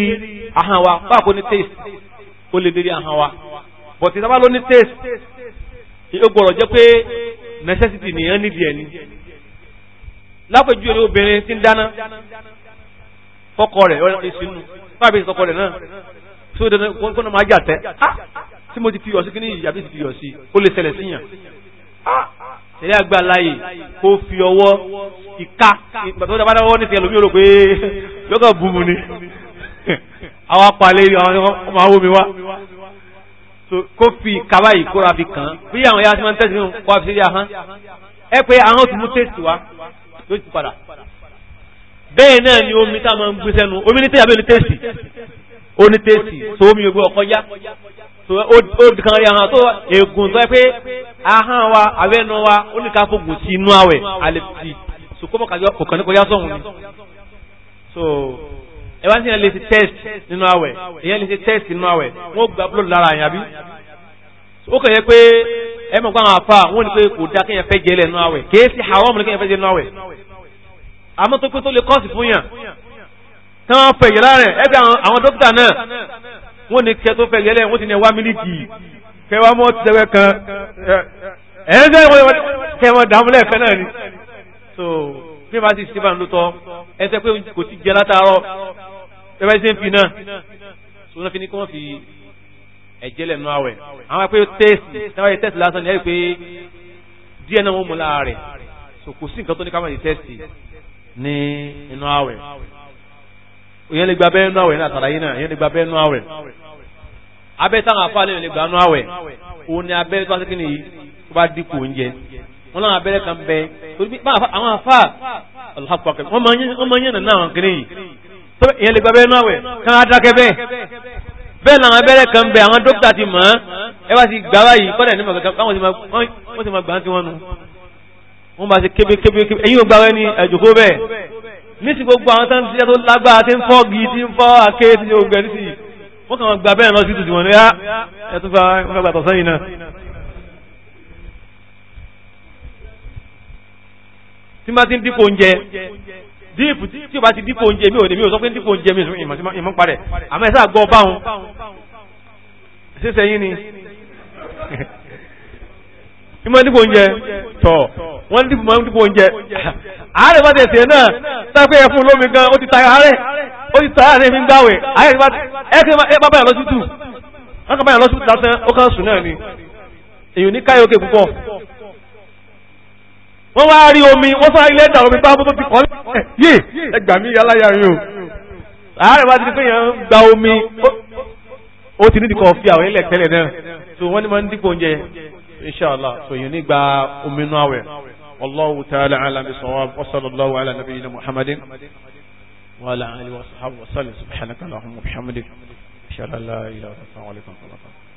ahọ́n wa báà kò ní taste ó lè dérí ahọ́n wa but ìtàbá ló ní taste ó gbọ́dọ̀ jẹ́ pé necessity nìyẹn nídìí ẹ̀ ni lápẹjú ẹni obìnrin tí ń dáná fọ́kọ rẹ̀ ọ̀rẹ́ ìsinú fábí ìsọkọ rẹ̀ náà tí ó dandan kó náà máa jà tẹ́ ah! tí mo ti fi yọ̀ sí kí ní ìyàbí ti fi yọ̀ sí ó lè ṣẹlẹ̀ síyàn ah! ẹ̀rí àgbà láyè kó fi ọwọ́ ìka ìgbàtọ́jà bá dáwọ́ nísìnyẹ lómi rò pé yọ́kọ̀ búbu ni àwọn apalẹ̀ àwọn ọmọ àwọn omi wá kó fi ìka báyìí kóra fi kàn án bí àwọn ya ti máa ń tẹ̀sí nínú kó a fi ṣe ahán ẹ pé ahán tó mú tẹ̀sí wá tó ti padà bẹ́ẹ̀ náà ni omi tá a máa ń gbé sẹ́nu omi ní tẹ̀sí àbẹ́ ní tẹ̀sí ó ní tẹ̀sí so omi ògbé ọkọ yá ó di kan rí ahọ́n tó egun tó ẹ pé ahọ́n wa abẹ́nu wa ó ní ká fògùn sí inú àwẹ̀ àlèpì sòkòmọ̀ kọ̀ọ̀kan ní kọjá sọ̀hún ni so ẹ wá ní ìyẹn test nínú àwẹ̀ ìyẹn lè ṣe test nínú àwẹ̀ wọ́n gba blood lára àyàn àbí ó kàn yẹ pé ẹ mọ̀ gbọ́n àwọn afa wọ́n ní pé kò dá kéèyàn fẹ́ jẹ́ lẹ̀ nínú àwẹ̀ kèé sí àwọn ọmọ kéèyàn fẹ́ jẹ́ nínú àwẹ̀ àmọ́ tó pé tó lè kọ́ọ̀sì fún yàn tí fẹ̀yẹ̀ láàrin ẹgbẹ́ wọ́n ní kẹ́ tó fẹ́ yẹlẹ́ wọ́n ti ní ẹwà mílíkì kẹwàá mọ́ ti sẹ́wẹ́ kan ẹ̀ẹ́dẹ́ kẹwàá dàmúlẹ̀ fẹ́ náà ni so bí wọ́n ti ṣe bá ń lótọ́ ẹsẹ̀ pé kò ti jẹ látàárọ̀ ẹgbẹ́ ṣe ń fi náà so wọ́n fi ní kí wọ́n fi ẹ̀jẹ̀ lẹ̀ nù àwẹ̀ àwọn pé tẹ́sì táwọn yẹ tẹ́sì lásán ni ẹ̀ pé díẹ̀ náà wọ́n mú lára rẹ̀ so kò sí nǹkan tó ní ká má yẹ tẹ́sì ní inú àwẹ̀ ìyẹn lè gba abẹ́rẹ́ nú àwẹ̀ náà àtàlàyé náà ìyẹn lè gba abẹ́rẹ́ nú àwẹ̀ abẹ́ táwọn afá lè lè gba nú àwẹ̀ òun ni abẹ́rẹ́ tó bá sékìnì yìí tó bá dínkù oúnjẹ wọn láwọn abẹ́rẹ́ kan bẹ torí àwọn afá alhakpakẹ wọn máa ń yẹn nà àwọn kìnìyàn ìyẹn lè gba abẹ́rẹ́ nú àwẹ̀ kán á dákẹ́ bẹ́ẹ̀ bẹ́ẹ̀ làwọn abẹ́rẹ́ kan bẹ àwọn dókítà ti mọ̀ ẹ bá ti gbà báyìí kọ́dà ní màkàkà wọ́n ti máa gbà á sí wọn nu wọ́n bá ti kébékébé ẹ̀yin ò gbà wẹ́ ní ẹ̀jọ̀kó bẹ́ẹ̀ ní ti gbogbo àwọn tán ṣiṣẹ́ tó lágbára tí ń fọ́ gi tí ń fọ́ àké tí ó gbẹ nísì wọ́n kàn gba bẹ́ẹ̀ lọ sí tuntun wọn ní ẹ tún fa gbàtọ̀ sẹ́yìn náà. tí bá ti ń dípò oúnjẹ díìpù tí o bá ti dípò oúnjẹ mi ò ní mi ò sọ pé dípò oúnjẹ mi ìmọ̀ parẹ̀ àmọ́ ẹ̀ sáà gbọ́ báwọn ṣíṣe yín ni ìmọ̀ dípò oúnjẹ tọ̀ wọ́n dípò oúnjẹ àárẹ̀ bá tẹ̀sẹ̀ náà sáfẹ́ ẹ̀fún lómi gan ó ti ta àárẹ̀ ó ti ta àárẹ̀ mi ń dáwẹ̀ àárẹ̀ bá báyà lọ́sítù wọ́n kàn báyà lọ́sítù lásán ó kàn sùn náà ni èyàn ní káyọ̀kè púpọ̀ wọ́n wá rí omi wọ́n sọ ilé ẹ̀dà omi pápá tó ti kọ́ yé ẹgbà mí aláya rí o àárẹ̀ bá ti di pé yẹn ń gba omi ó ti ní ti fi àwọn ilẹ̀ tẹ́lẹ̀ náà so wọ́n ní máa ń dípò so èyàn ní gba omi والله تعالى على بصواب وصلى الله على نبينا محمد وعلى آله وصحبه وسلم سبحانك اللهم وبحمدك أشهد أن لا إله إلا أنت أستغفرك وأتوب إليك